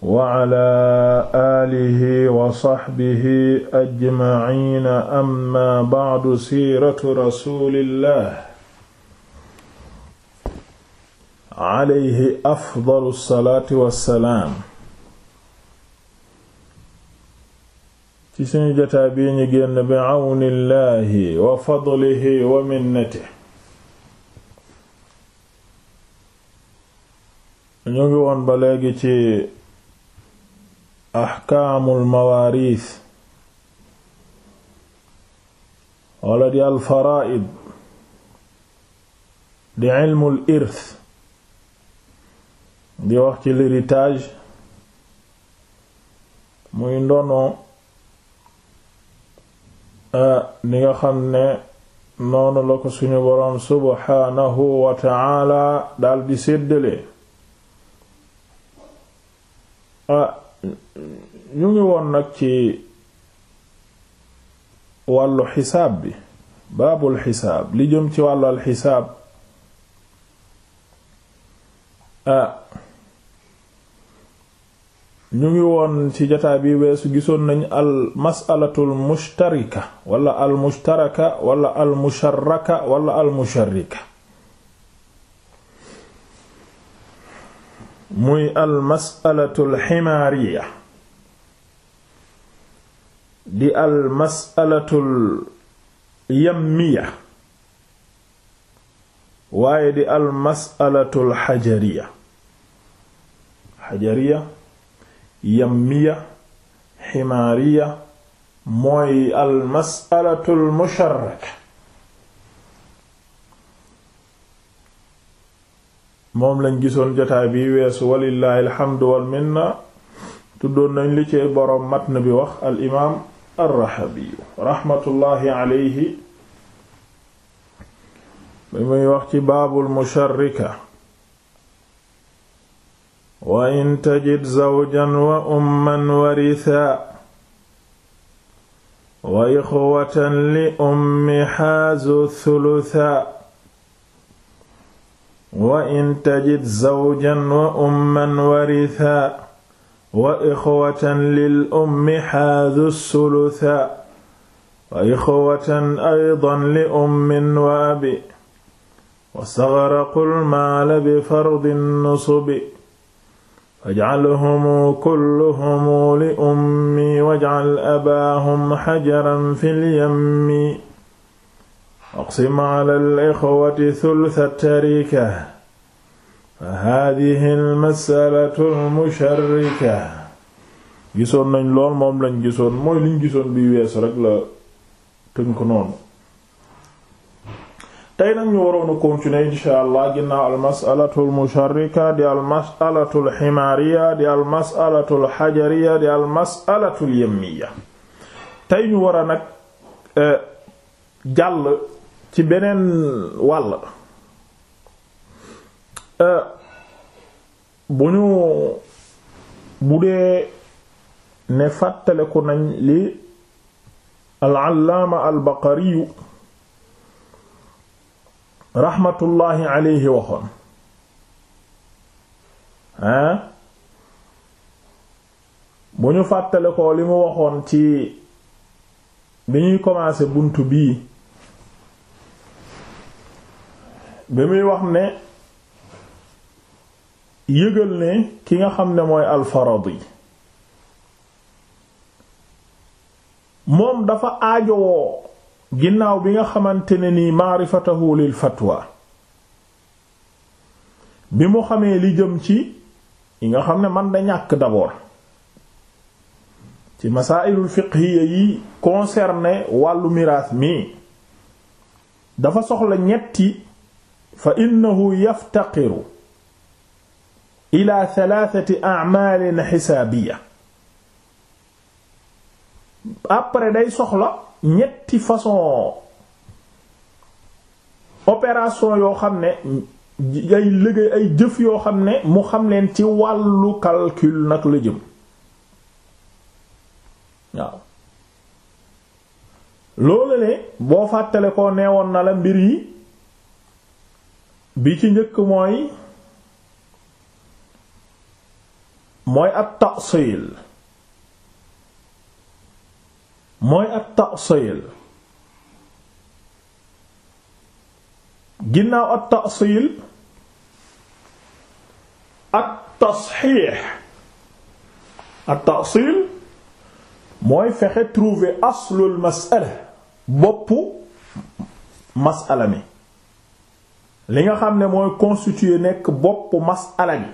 wa ala aalihi wa saxbihi ajmaciina amma bacdu siiratu rasuulillah alayhi afdalu salaati wa salaam. ci suñu jotaay bi ñu génn bi cawnillahi wa fadlihi woon ba léegi ci. axkaamul mawaariis wala di alfaraid di ilmul irth di wax ci l'héritage muy ndono ni nga xam ne noonu la ko suñu subhaanahu wa ta'ala daldi séddale ah ñu ngi woon nag ci wàllu xisaab bi baabul xisaab li jëm ci wàllu alxisaab ah ñu ngi woon ci jataa bi weesu gisoon nañu al masalatul mushtarika walla al mushtaraka wala al musharraka wala al musharrika muy almasalatu alximaariya di almasalatul yammiya waaye di almasalatul xajariya xajariya yammiya ximaariya mooy almasalatul musharraka moom lañ gisoon jotaay bi weesu walillahi alhamdu wal minna tuddoon nañ li ci boroom matn bi wax al imaam ar-Rahabi raxmatullaahi aleyhi bi muy wax ci baabul musharrika wa in tajid zawjan wa umman waritha wa ixwatan li ummi haazu thulutha wa in tajid zawjan wa umman waritha wa ixwatan lil ummi xaadu sulusa wa ixwatan aydan li ummin wa abi wa stagraqu lmaala bi fardi nusubi fajcalhum kulluhum li ummi wajcal abaahum xajaran fi lyammi aqsim ala al-ixwati thultha tarika fa haadihi al-mas'alatu al-musharrika gisoon nañ lool moom lañ gisoon mooy liñ gisoon bi weesu rek la tënk noonu tey nag ñu waroon a continuer insha allah ginnaaw almasalatu almusharrika di almasalatu alximaariya di almasalatu alxajariya di almasalatu alyamiya tey ñu war a nag eh, jàll ci beneen wàll euh, bu ñu bu dee ne fàttaleku nañ li al-allaama al-baqariyu raxmatullaahi alayhi waxoon hein bu ñu fàttalikoo li mu waxoon ci bi ñuy commencer bunt bii bi muy wax ne yëgal ne ki nga xam ne mooy alfaradi moom dafa aajowoo ginnaaw bi nga xamante ni nii maarifatahu fatwa bi mu xamee li jëm ci yi nga xam ne man da ñàkk d'abord ci masailul fiqhiya yi concerné wàllu miraas mi dafa soxla ñetti fa innahu yaftaqiru ila thalathati a'malin xisaabiya après day soxla ñetti façon opération yoo xam ne ay liggéey ay jëf yoo xam ne mu xam leen ci wàllu calcul nag la jëm waaw loolu ne boo fàttale ko neewoon na la mbir yi bi ci njëkk mooy mooy at ta'sil mooy at ta'sil ginnaaw at ta'sil at tasxiix at ta'sil mooy fexe trouver aslul mas'ala boppu mas'ala mi li nga xam ne mooy constituer nekk bopp masala bi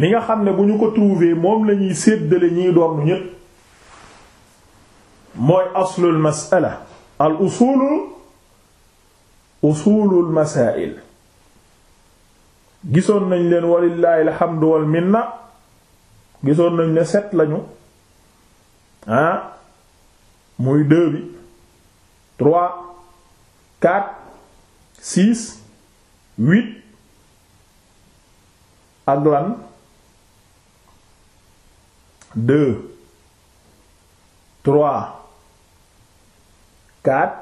li nga xam ne bu ñu ko trouver moom lañuy ñuy séddale ñiy doon ñépp mooy aslul masala al usulu usulul masail gisoon nañ leen walillahi alhamdu wal minna gisoon nañ ne set lañu ah muy deux trois quatre six huit ak lan deux trois quatre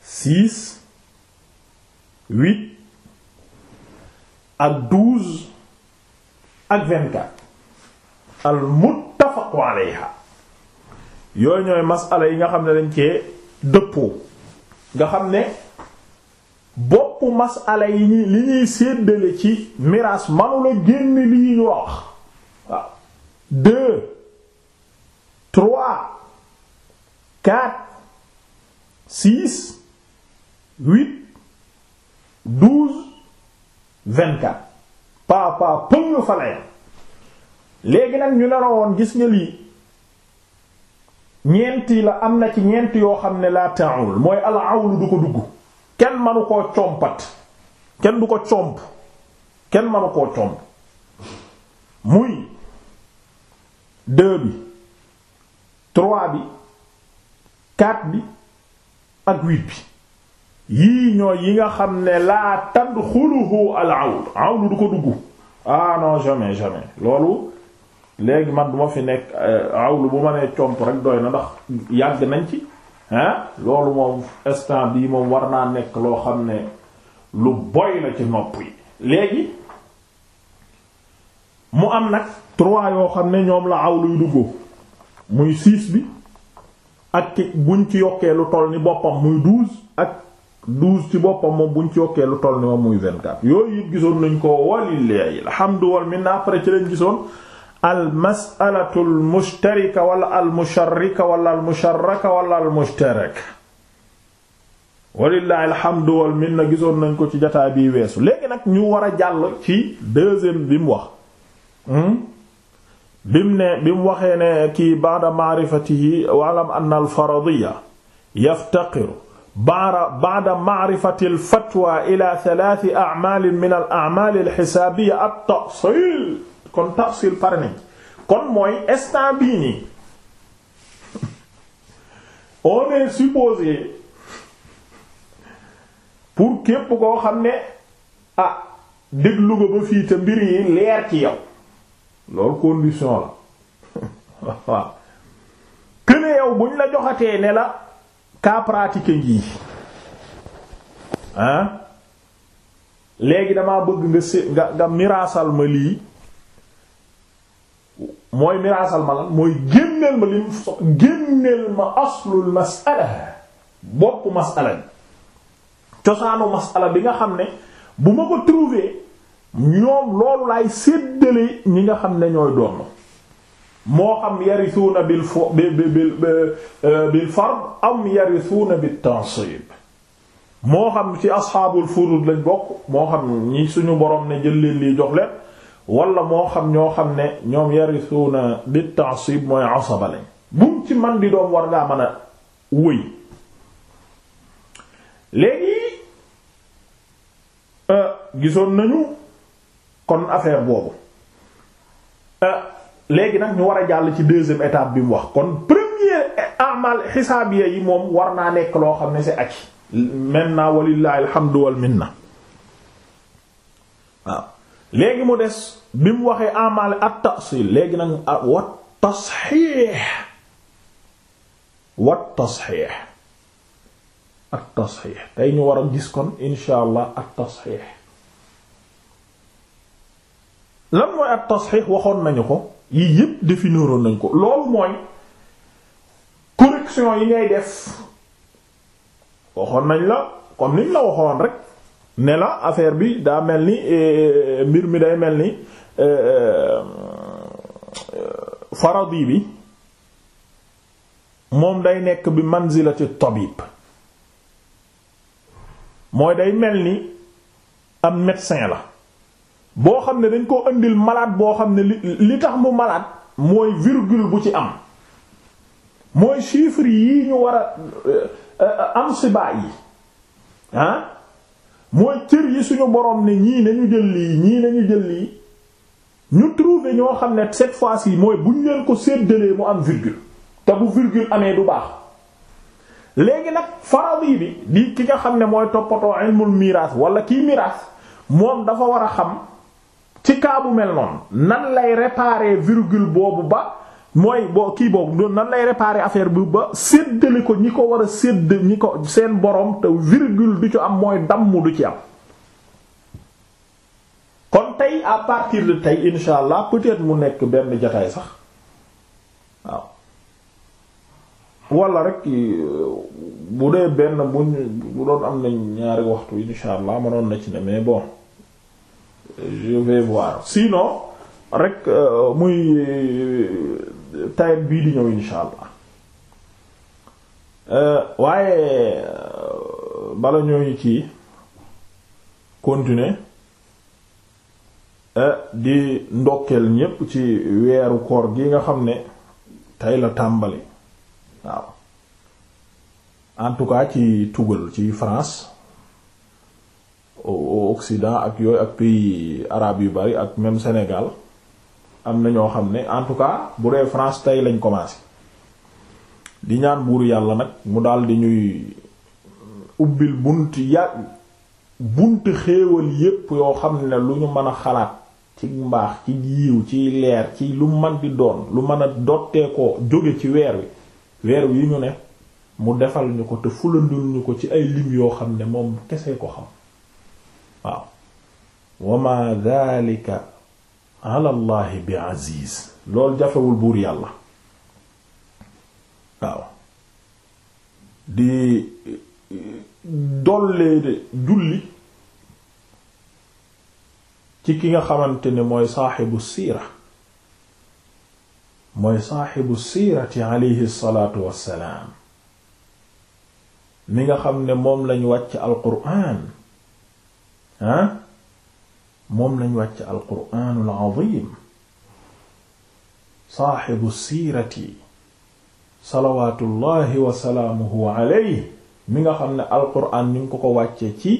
six huit ak douze ak vingt-quatre al muttafaqu alayha yooyu ñooy masala yi nga xam ne dañ cee dëppoo nga xam ne boppu masala yi li ñuy séddale ci miraas manula génn lii ñu wax waaw deux trois quatre six huit douze vingt-quatre paa paa pëng léegi nag ñu ne gis nga lii ñeenti la am na ci ñeenti yoo xam ne laa ta'ul mooy al-awlu du ko dugg kenn manu koo compat kenn du ko comp kenn manu koo comp muy deux bi trois bi quatre bi ak huit bi yii ñooy yi nga xam ne laa tadxuluhu al-awl awlu du ko dugg ah non jamais jamais loolu léegi man duma fi nekk euh, awlu bu ma nee comp rek doy na ndax yàgg nañ ci ah loolu moom instant bii moom war naa nekk loo xam ne lu boy la ci nopp yi léegi mu am nag trois yoo xam ne ñoom la awlu yu duggu muy six bi ak buñ ci yokkee lu toll ni boppam muy douze ak douze ci boppam moom buñ ci yokkee lu toll ni moom muy vingt-quatre yooyu gisoon nañ ko walillahi alhamdu wal minna après ci lañ gisoon al masalatu al mushtarika wala al musharrika wala al musharraka wala al mushtaraka walillahi alhamdu wal minna gisoon nañ ko ci jotaay bi weesu léegi nag ñu war a jàll ci deuxième bi mu wax hmm? bi mu ne bi mu waxee ne kii ba'da ma'rifatihi wa'lam anna al faradiyya yaftaqiru ba'da ba'da ma'rifati al fatwa ila thalath a'mal min al a'mal al hisabiyya at-tahsil kon tafsir pare nañ kon mooy instant bii nii on est pour képp koo xam ne ah déglu nga ba fii te mbir yi leer ci yow loolu condition la waaw këne yow buñ la joxatee ne la cas pratique ngii ah léegi damaa bëgg nga sé nga nga miraasal ma lii mooy miraasal ma lan mooy génneel ma lim so génneel ma aslul masala bopp masala bi bi nga xam ne bu ma ko trouver ñoom loolu laay séddale ñi nga xam ne ñooy doon moo xam yarisuuna bil fo bil bil bil fard am yarisuuna bit tansib moo xam ci asxaabul furud lañ bokk moo xam ñi suñu borom ne jël leen lii jox wala moo xam ñoo xam ne ñoom yarisuuna bi ta'sib mooy asaba lañ bu ci man di doom war ngaa mën a wëy léegi euh, gisoon nañu kon affaire boobu euh, léegi nag ñu war a jàll ci deuxième étape bi mu wax kon premier amal xisaabiya yi moom war naa nekk loo xam ne c'est acquis maintenant walillahi alhamdu wal na waaw léegi mu des bi mu waxee amaale at tasil léegi nag wat tasxiix wat tasxiix at tasxiix tey ñu war a gis kon insha allah at tasxiix lan mooy at tasxiix waxoon nañu ko yii yépp définiroon nañ ko loolu mooy correction yi ngay def waxoon nañ la kon niñ la waxoon rek ne la affaire bi daa mel ni eh, eh, mbir mi day mel ni eh, faradi bi moom day nekk bi manzilati tabib mooy day mel ni am médecin la boo xam ne dañ koo indil malade boo xam ne li li tax mu malade mooy virgule bu ci am mooy chiffre yii ñu war a am siba yi ah? mooy cër yi suñu borom ne ñii nañu jël lii ñii nañu jël lii ñu trouver ñoo xam ne cette fois yi mooy buñ leen ko séddalee mu am virgule te bu virgule amee du baax léegi nag faradi bi di ki nga xam ne mooy toppatoo ilmul miraas wala kii miraas moom dafa war a xam ci kaabu mel noonu nan lay réparer virgule boobu ba mooy boo kii boobu nan lay réparer affaire bi ba séddale ko ñi ko war a sédd ñi ko seen borom te virgule du ci am mooy damm du ci am kon tey à partir de tey insha allah peut mu nekk benn jataay sax waaw rek euh, bu dee benn buñ bu doon am na ñaari waxtu insha allah mënoon na ci ne mais bon je vais voir sinon rek euh, muy tayet bii di ñëw insha allah euh, waaye euh, bala ñooy ci continuer euh, di ndokkeel ñépp ci weeru koor gi nga xam ne tey la tàmbali waaw en tout cas ci tugal ci France au Occident ak yooyu ak pays arabes yu bari ak même Sénégal am na ñoo xam ne en tout cas bu dee France tey lañ commencé di ñaan buur yàlla nag mu daal di ñuy ubbil bunt ya bunt xéewal yépp yoo xam ne lu ñu mën a xalaat ci mbaax ci yiw ci leer ci lu man di doon lu mën a dottee ko jóge ci weer wi weer wi ñu ne mu defal ñu ko te fulandul ñu ko ci ay lim yoo xam ne moom kese ko xam waaw wama dhalika alallahi bi aziz loolu jafewul buur yàlla waaw di dollee de julli ci ki nga xamante ne mooy saaxibu siira mooy saaxibu siirati alayhi salaatu wassalaam mi nga xam ne moom lañu wàcc alquraan ah moom lañ wàcc alquraanul azim saaxibu siirati salawaatullahi wa salaamuhu alayhi mi nga xam ne alquraan ni nga ko ko wàccee ci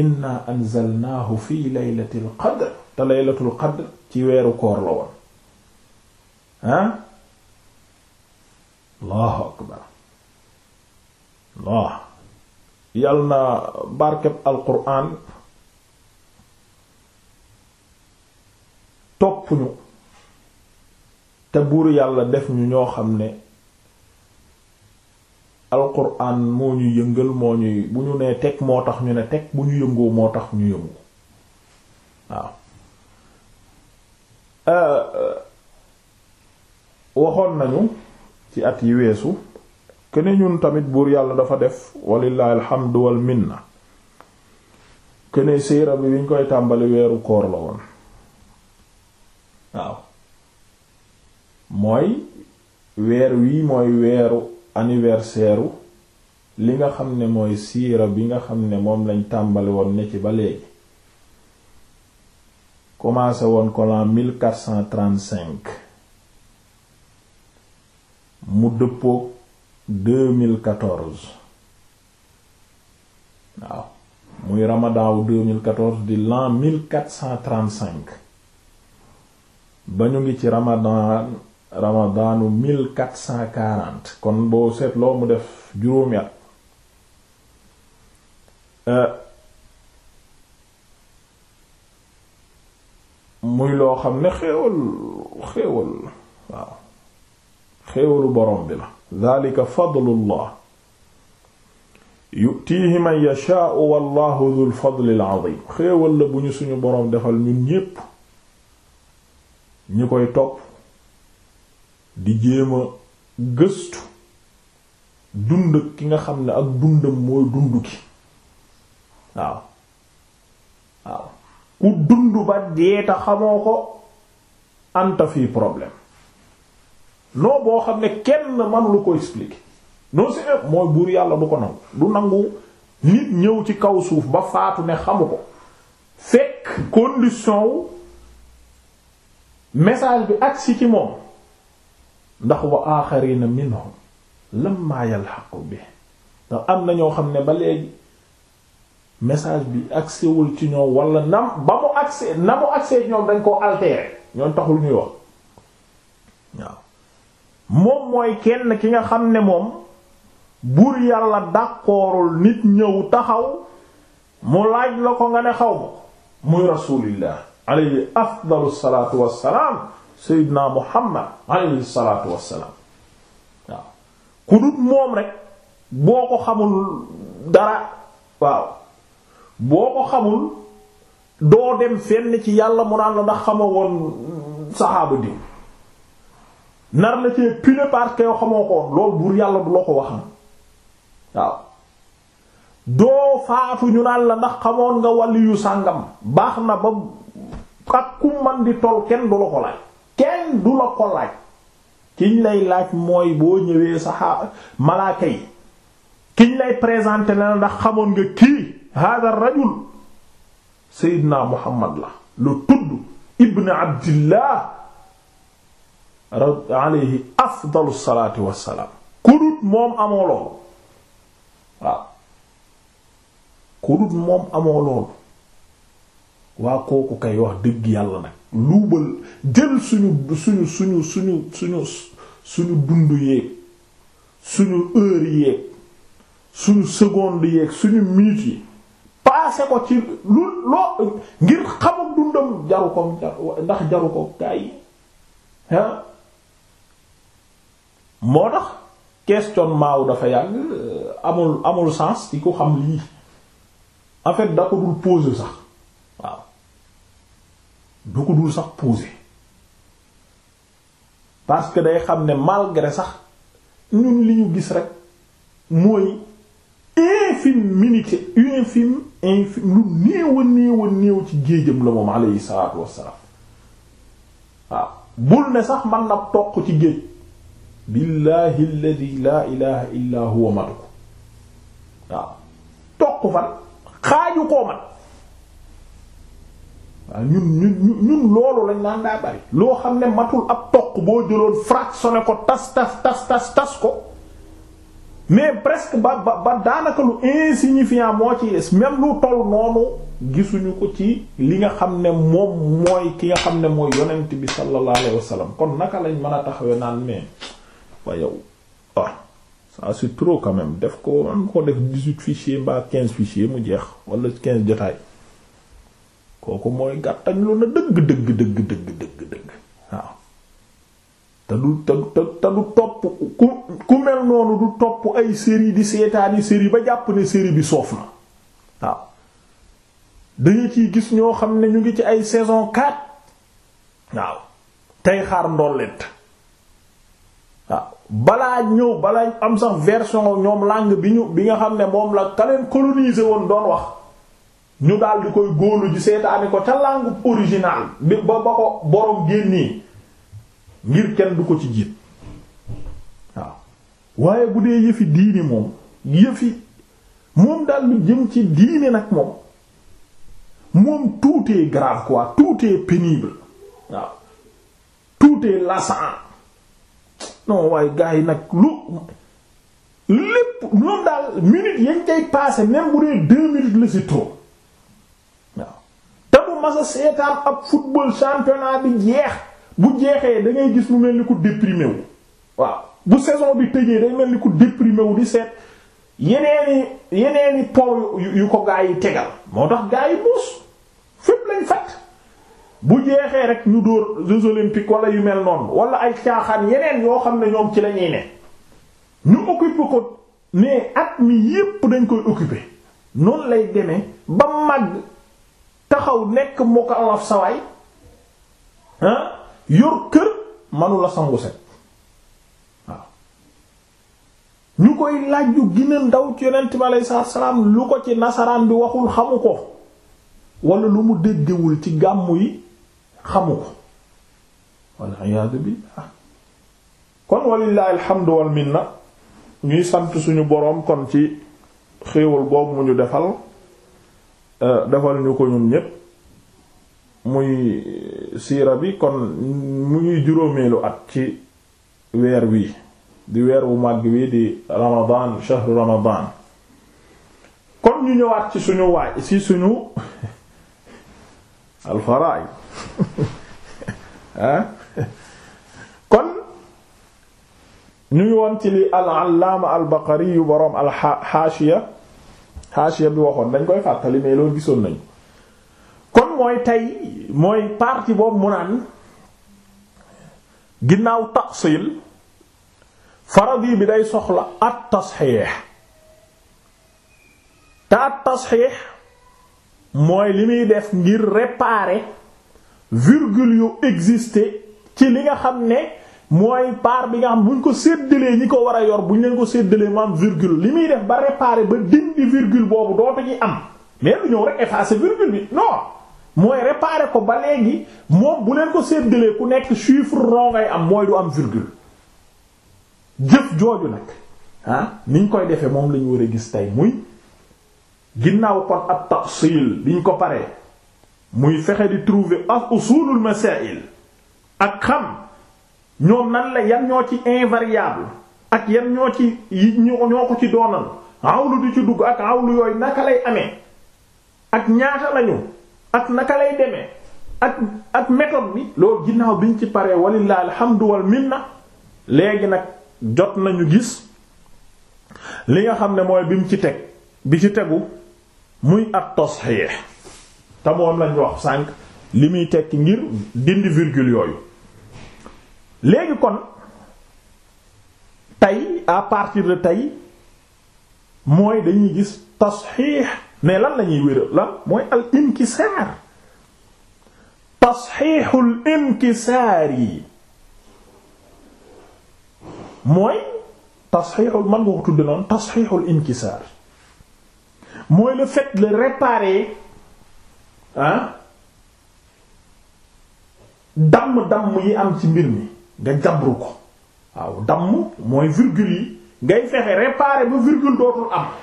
inna anzalnaahu fi laylatil qadr te laylatul qadr ci weeru koor la woon ah allahu akbar allah yàlla na barkeb alquraan topp ñu te buur yàlla def ñu ñoo xam ne alquran moo ñu yëngal moo ñuy bu ñu nee teg moo tax ñu ne teg bu ñu yëngoo moo tax ñu yëngu waaw euh, euh, waxoon nañu ci at yi weesu kene ñun tamit buur yàlla dafa def walillahi alhamdu wal minna kene siira bi biñ koy tàmbali weeru koor la woon waaw mooy weer wii mooy weeru anniversaire li nga xam ne mooy siira bi nga xam ne moom lañ tàmbali woon ne ci ba léegi commencé woon ko l'an 1435 mu dëppook 2014 waaw muy ramadan wu 2014 di l'an 1435 ba ñu ngi ci ramadan ramadanu 1440 kon boo seetloo mu def juróomi at euh, muy loo xam ne xéewal xéewal waaw xéewalu borom bi la dalika fadlullah yutiihi man yashaa'u wallahu dhul fadlil azim xéewal la bu ñu suñu boroom defal ñun ñépp ñu koy topp di jéem a gëstu dund ki nga xam ne ak dundam mooy dund ki waaw waaw ku dund ba dee ta xamoo ko anta fii problème non boo xam ne kenn man lu ko expliquer non c'est mooy buur yàlla du ko nangu du nangu nit ñëw ci kaw suuf ba faatu ne xamu ko fekk condition wu message bi agsi ci moom ndax wa aaxarina minhum lamma yalhaqu bi ndax am na ñoo xam ne ba léegi message bi agsiwul ci ñoom wala nam ba mu agsee na mu agsee ci ñoom dañ koo altéré ñoom taxul ñuy wax waaw moom mooy kenn ki nga xam ne moom buur yàlla dàqoorul nit ñëw taxaw mu laaj la ko nga ne xaw ma muy rasulillah alayhi afdalu salaatu wassalaam seydina muhammad alayhi salaatu wassalaam waaw ku dut moom rek boo ko xamul dara waaw boo ko xamul doo dem fenn ci yàlla mu naan la ndax xama woon saxaaba nar la cee pune parce que xamoo ko woon loolu buur yàlla du la ko waxam waaw doo faatu ñu naan ndax xamoon nga wàlli sàngam baax na ba ak man di toll kenn du la ko laaj kenn du la ko laaj kiñ lay laaj mooy boo ñëwee saxaaba malaaka yi kiñ lay présenter la ndax xamoon nga kii hada rajul seydina muhammad la lu tudd ibn abdillah alayhi afdalu salaatu wassalaam kudut moom amoo loolu waaw kudut moom amoo loolu waa kooku kay wax dëgg yàlla nag luubal jël suñu suñu suñu suñu suñu suñu suñu heure yi passé ko ci lu loo ngir xamul dundam jaru ko ndax jaru ko gaa yi ah moo tax questionnement wu dafa yàgg amul amul sens ci ku xam lii en fait da ko dul poser sax du ko sax poser parce que day xam ne malgré sax ñun li ñu gis rekk mooy lu néew a néew ci géejam la moom alayhi salaatu wassalaam waaw bul ne sax man na toq ci géej billahi alladi laa ilaha illa huwa matu waaw toq fan xaaju koo man waaw ñun ñun ñun loolu lañ naan daa bari loo xam ne matul ab toq boo jëloon fractionné ko tas tas tas tas tas ko mais presque ba ba daanaka lu insignifiant moo ci yes même lu toll noonu gisuñu ko ci li nga xam ne moom mooy ki nga xam ne mooy yonent bi sallallahu alayhi wasallam kon naka lañ mën a taxawee naan mais wa yow ah ça c'est trop quand def ko am ko def dix-huit fichiers mbaa quinze fichiers mu jeex wala quinze jotaay kooku mooy gàttañ lu na dëgg dëgg dëgg dëgg dëgg dëgg waaw te du te te du topp ku ku mel noonu du topp ay série di seetaani série ba jàpp ne série bi soof na waaw danga ciy gis ñoo xam ne ñu ngi ci ay saison 4 waaw tey xaar ndolleent waaw balaa ñëw balaa am sax version ñoom làng bi ñu bi nga xam ne moom la ka leen coloniser woon doon wax ñu daal di koy góolu ji seetaani ko ca langue originale bi ba ba ko borom génnee ngir kenn du ko ci jiit waaw waaye bu dee yëfi diini moom yëfi moom daal lu jëm ci diini nag moom moom tout grave quoi tout pénible waaw tout est lassant waaye gars yi nag lu lépp moom daal minutes yañ koy passer même bu dee deux minutes la si toog mas a seetaan ab football championnat bi jeex bu jeexee da gis mu mel ni ku déprimé wu waaw bu saison bi tëjee day mel ni ku déprimé wu di seet yeneeni yeneeni pow yu ko gaa yi tegal moo tax gaa yi muus fépp lañ fat bu jeexee rek ñu dóor jeux olympiques wala yu mel noonu wala ay caaxaan yeneen yoo xam ne ñoom ci la ñuy ne ñu occupé ko mais at mi yépp dañ koy occupé noonu lay demee ba màgg taxaw nekk mukallaf sawaay ah yor kër manula sangu set waaw ñu koy laaj yu gën ndaw ci yonent bi aleyhi lu ko ci nasaraan bi waxul xamu ko wala lu mu déggewul ci gàmmu yi xamu ko wal iyaadu billah kon walillahi alhamdu wal minna ñuy sant suñu boroom kon ci xéewal boobu mu ñu defal Euh, defal ñu ko ñun ñépp muy euh, siira bi kon mu ñuy juróomeelu at ci weer wi di weer wu màgg wi di ramadan shahru ramadan kon ñu ñëwaat ci suñu waay ci suñu alfaraay ah kon ñu ngi woon ci li al allaama al baqari yu boroom al xaashiya xaasiya bi waxoon dañ koy fàttali mais loolu gisoon nañu kon mooy tey mooy partie boobu mu naan ginnaaw tafsil faradi bi day soxla at tasxiix te at tasxiix mooy li muy def ngir réparer virgule yu exister ci li nga xam ne mooy part bi nga xam buñ ko seddalee ñi ko war a yor bu ñu leen ko séddalee mu am virgule li muy def ba réparer ba dindi virgule boobu dootu ci am mais lu ñëw rek effacer virgule bi non mooy réparer ko ba léegi moom bu leen ko séddalee ku nekk chiffre rond ngay am mooy du am virgule jëf jooju nag ah niñ koy defee moom lañu war a gis tey muy ginnaaw kon ab tafsil liñ ko pare muy fexe di trouver ak usulul masail ak xam ñoom nan la yan ñoo ci invariable ak yan ñoo ci ñoo ko ci doonal awlu di ci dugg ak awlu yooyu naka lay amee ak ñaata lañu ak naka lay demee ak ak méthode bi loolu ginnaaw biñ ci paree walilah alhamdu wal na léegi nag jot nañu gis li nga xam ne mooy bi mu ci teg bi ci tegu muy at tashih te moom lañ wax sànq li muy tekki ngir dindi virgule yooyu léegi kon tey à partir de tey mooy dañuy gis tasxiix mais lan lañuy wéral lan mooy al inkisaar tasxiixul inkisaar yi mooy tasxiixul man nga ko tudde noonu tasxiixul inkisaar mooy le fait de réparer ah damm yi am ci mbir mi nga jabru ko waaw damm mooy virgule yi ngay fexe réparer ba virgule dootul am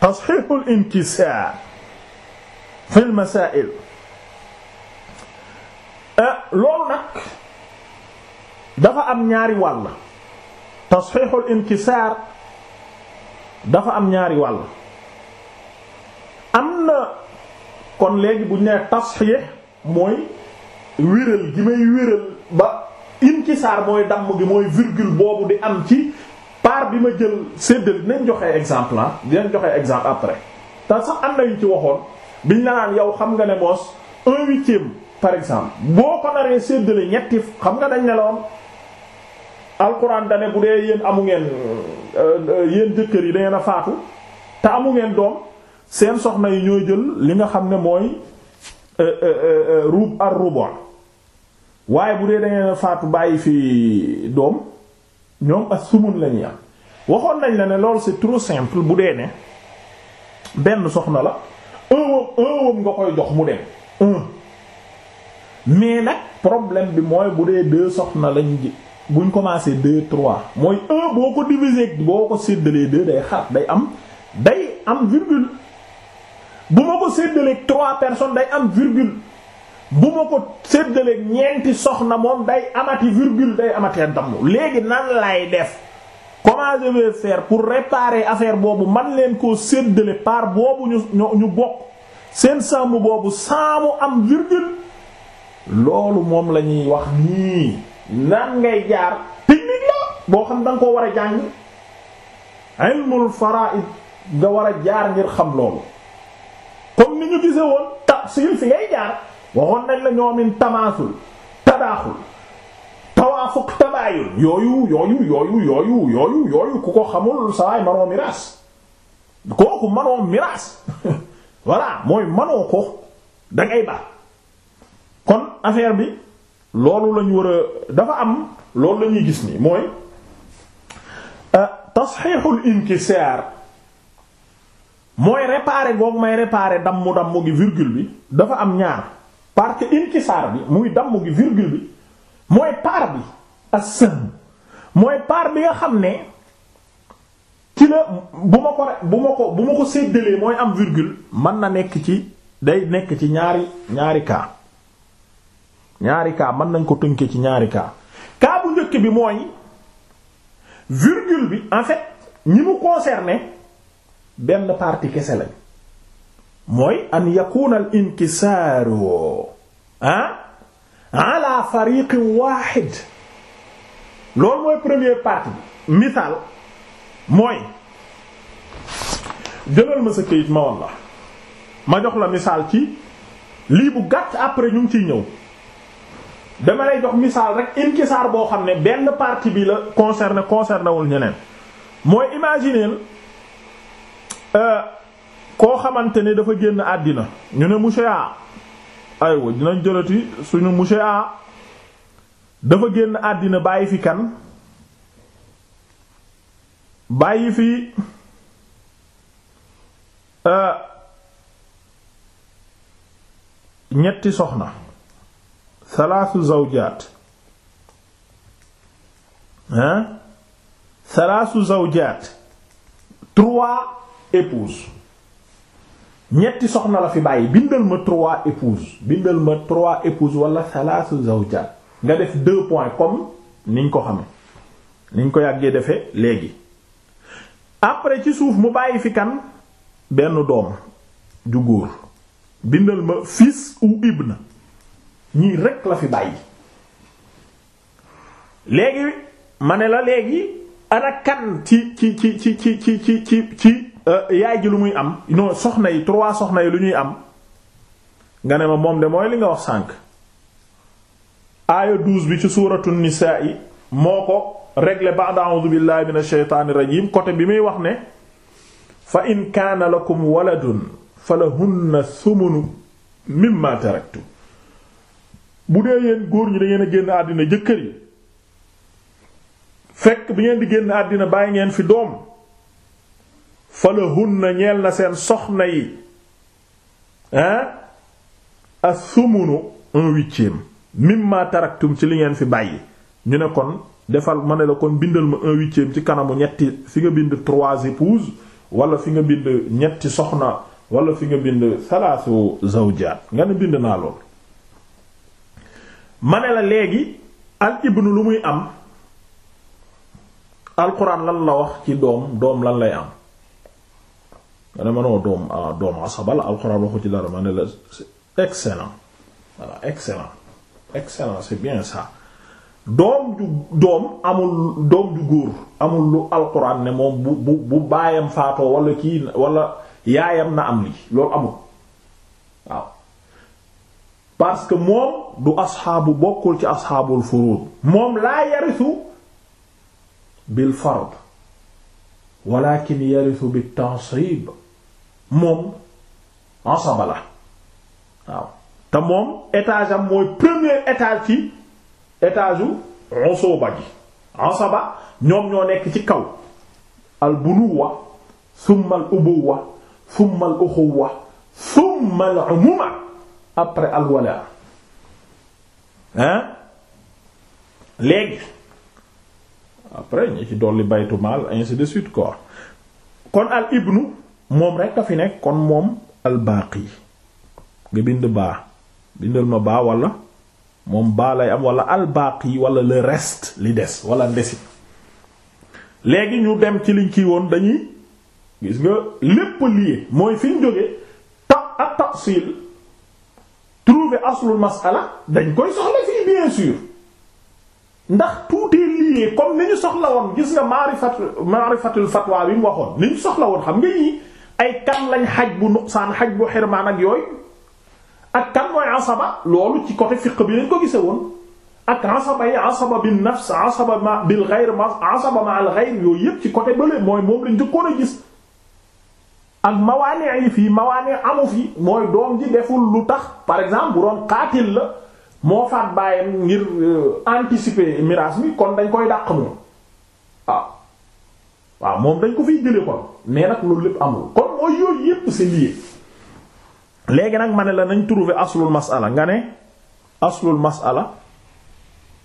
tashihul inkisar fil masail eh, loolu nag dafa am ñaari wàll tashihul inkisar dafa am ñaari wàll am na kon léegi bu ñu nee mooy wéral gi may wéral ba ci inkisaar mooy damm gi mooy virgule boobu di am ci part bi ma jël séddale dinañ joxe exemple ah dinañ joxe exemple après te sax am na yu ci waxoon biñ la naan yow xam nga ne moos un huitième par exemple boo ko naree séddale ñetti xam nga dañ ne la woon alxuraan da bu dee yéen amu ngeen euh, yéen jëkkër yi da a faatu te amu ngeen doom seen soxna yi ñooy jël li nga xam ne mooy euh, euh, ruub ar rubu' waaye bu dee dangeen faatu bàyyi fi doom ñoom ak sumun la am waxoon nañ la ne loolu c'est trop simple bu dee ne benn soxna la un wam un wam nga koy jox mu dem un mais nag problème bi mooy bu dee deux soxna lañ buñ commencé deux trois mooy un boo ko diviser boo ko séddalee deux day xaar day am day am virgule bu ma ko séddalee trois personnes day am virgule bu ma ko séddalee ñeenti soxna moom day amati virgule day amatee damm léegi nan lay def comment je vais pour réparer affaire boobu man leen koo séddale par boobu ñu ñu bokk seen sàmm boobu saamu am virgule loolu moom la ñuy wax nii nan ngay jaar technique la boo xam da koo war a jàng ilmul fara'id nga war a jaar ngir xam loolu comme ni ñu gise woon tafsil ngay jaar waxoon nañ la ñoomin tamaasul tadaaxul tawaafuq tabaayul yooyu yooyu yooyu yooyu yooyu ku ko xamul sawaay manoo miraas kooku manoo miraas voilà mooy manoo ko dangay baax kon affaire bi loolu lañu war a dafa am loolu lañuy gis ni mooy euh, tasxiixul inkisaar mooy réparer goog may réparer dammu dammu gi virgule bi dafa am ñaar parce que inkisaar bi muy damm gi virgule bi mooy part bi as-sahm mooy part bi nga xam ne ci la bu ma ko re bu ma ko bu ma ko séddalee mooy am virgule mën na nekk ci day nekk ci ñaari ñaari cas ñaari kaa mën nañ ko tënkee ci ñaari kaa cas bu njëkk bi mooy virgule bi en fait ñi mu concerné benn partie kese lañ mooy an yakuna al inkisaaru ah ala fariqin waaxid loolu mooy première partie misaal mooy jëlal ma sa këyit ma walla ma jox la misaal ci lii bu gàtt après ñu ngi ciy ñëw dama lay jox misaal rek inkisaar boo xam ne benn partie bi la concerné concerné wul ñeneen mooy imaginer euh, koo xamante ne dafa génn àddina ñu ne monsieur aywa dinañ jëlati suñu monsieur A dafa génn àddina bàyyi fi kan bàyyi fi euh, ñetti soxna salaasu zawjaat hein salaasu zawjaat trois épouses ñetti soxna la fi bàyyi bindal ma trois épouses bindal ma trois épouses wala salaasu zawjaat nga def deux comme niñ ko xame niñ ko yàggee defee léegi après ci suuf mu bàyyi fi kan benn doom ju góor bindal ma fils ou ibna ñii rekk la fi bàyyi léegi ma ne la léegi ana kan ci ci ci ci ci ci ci ci ci euh, yaay ji lu muy am non soxna yi trois soxna yi lu ñuy am nga ne ma moom de mooy li nga wax sànq aaya douze bi ci suuratu nisaa yi moo ko régler ba'da a'uudu billahi minash shaytaanir rajiim côté bi muy wax ne fa in kaana lakum waladun falahunna thumunu mimma taraktum bu dee yéen góor ñi da ngeen a génn àddina jëkkër yi fekk bi ngeen di génn àddina bàyyi ngeen fi doom falahunna ñeel na seen soxna yi hein asumunu un huitième mimma taraktum ci li ngeen fi bàyyi ñu ne kon defal ma ne la kon bindal ma un huitième ci kanamu ñetti fi nga bind trois épouses walla fi nga bind ñetti soxna wala fi nga bind salaasu zawjaat nga ne bind naa lool ma la léegi al ibnu lu muy am alquran lan la wax ci doom doom lan lay am nga ne doom ah, doom asaba la alquran ci dara ma ne la excellent voilà excellent c'est bien ça doom ju doom amul doom ju góor amul lu alquran ne moom bu bu baayam faatoo wala kii wala yaayam na am li loolu amul waaw parce que moom du asxaabu bokkul ci asxaabul furud moom laa yarisu bil fard walakin yarisu bi tansib moom asaba la waaw te moom étage am mooy premier étage ci étage u gi asaba ñoom ñoo nekk ci kaw al bunuwa thumma al ubuwa thumma al uxuwa thumma al umuma après al wala hein léegi après ñi ci dolli baytu maal ainsi de suite quoi kon al ibnu moom rek a fi nekk kon moom al yi nga bind baa bindal ma baa wala moom baa lay am wala al yi wala le reste li des wala ndesit léegi ñu dem ci liñ kii woon dañuy gis nga lépp lii mooy fi ñu jógee ta ak tafsil trouver aslul masala dañ koy soxla fii bien sûr ndax tuuti publier comme ni ñu soxla woon gis nga maarifat maarifatul fatwa bi mu waxoon ni ñu soxla woon xam nga ay kan lañ xaj bu nuqsaan xaj bu xirmaan ak yooyu ak kan mooy asaba loolu ci côté fiqh bi lañ ko gise woon ak asaba yi asaba bin nafs asaba ma bil ghayr asaba ma al ghayr yooyu yépp ci côté bële mooy moom lañ njëkkoon a gis ak mawaane yi fii mawaane amu fi mooy doom ji deful lu tax par exemple bu doon la moo faat baayam ngir euh, anticiper miraas mi kon dañ koy dàq moom waaw ah. ah, waaw moom dañ ko fiy jëlee kon mais nag loolu lépp amul kon mooy yooyu yépp c'est lié léegi nag ma ne la nañ trouver aslul masala nga ne aslul masala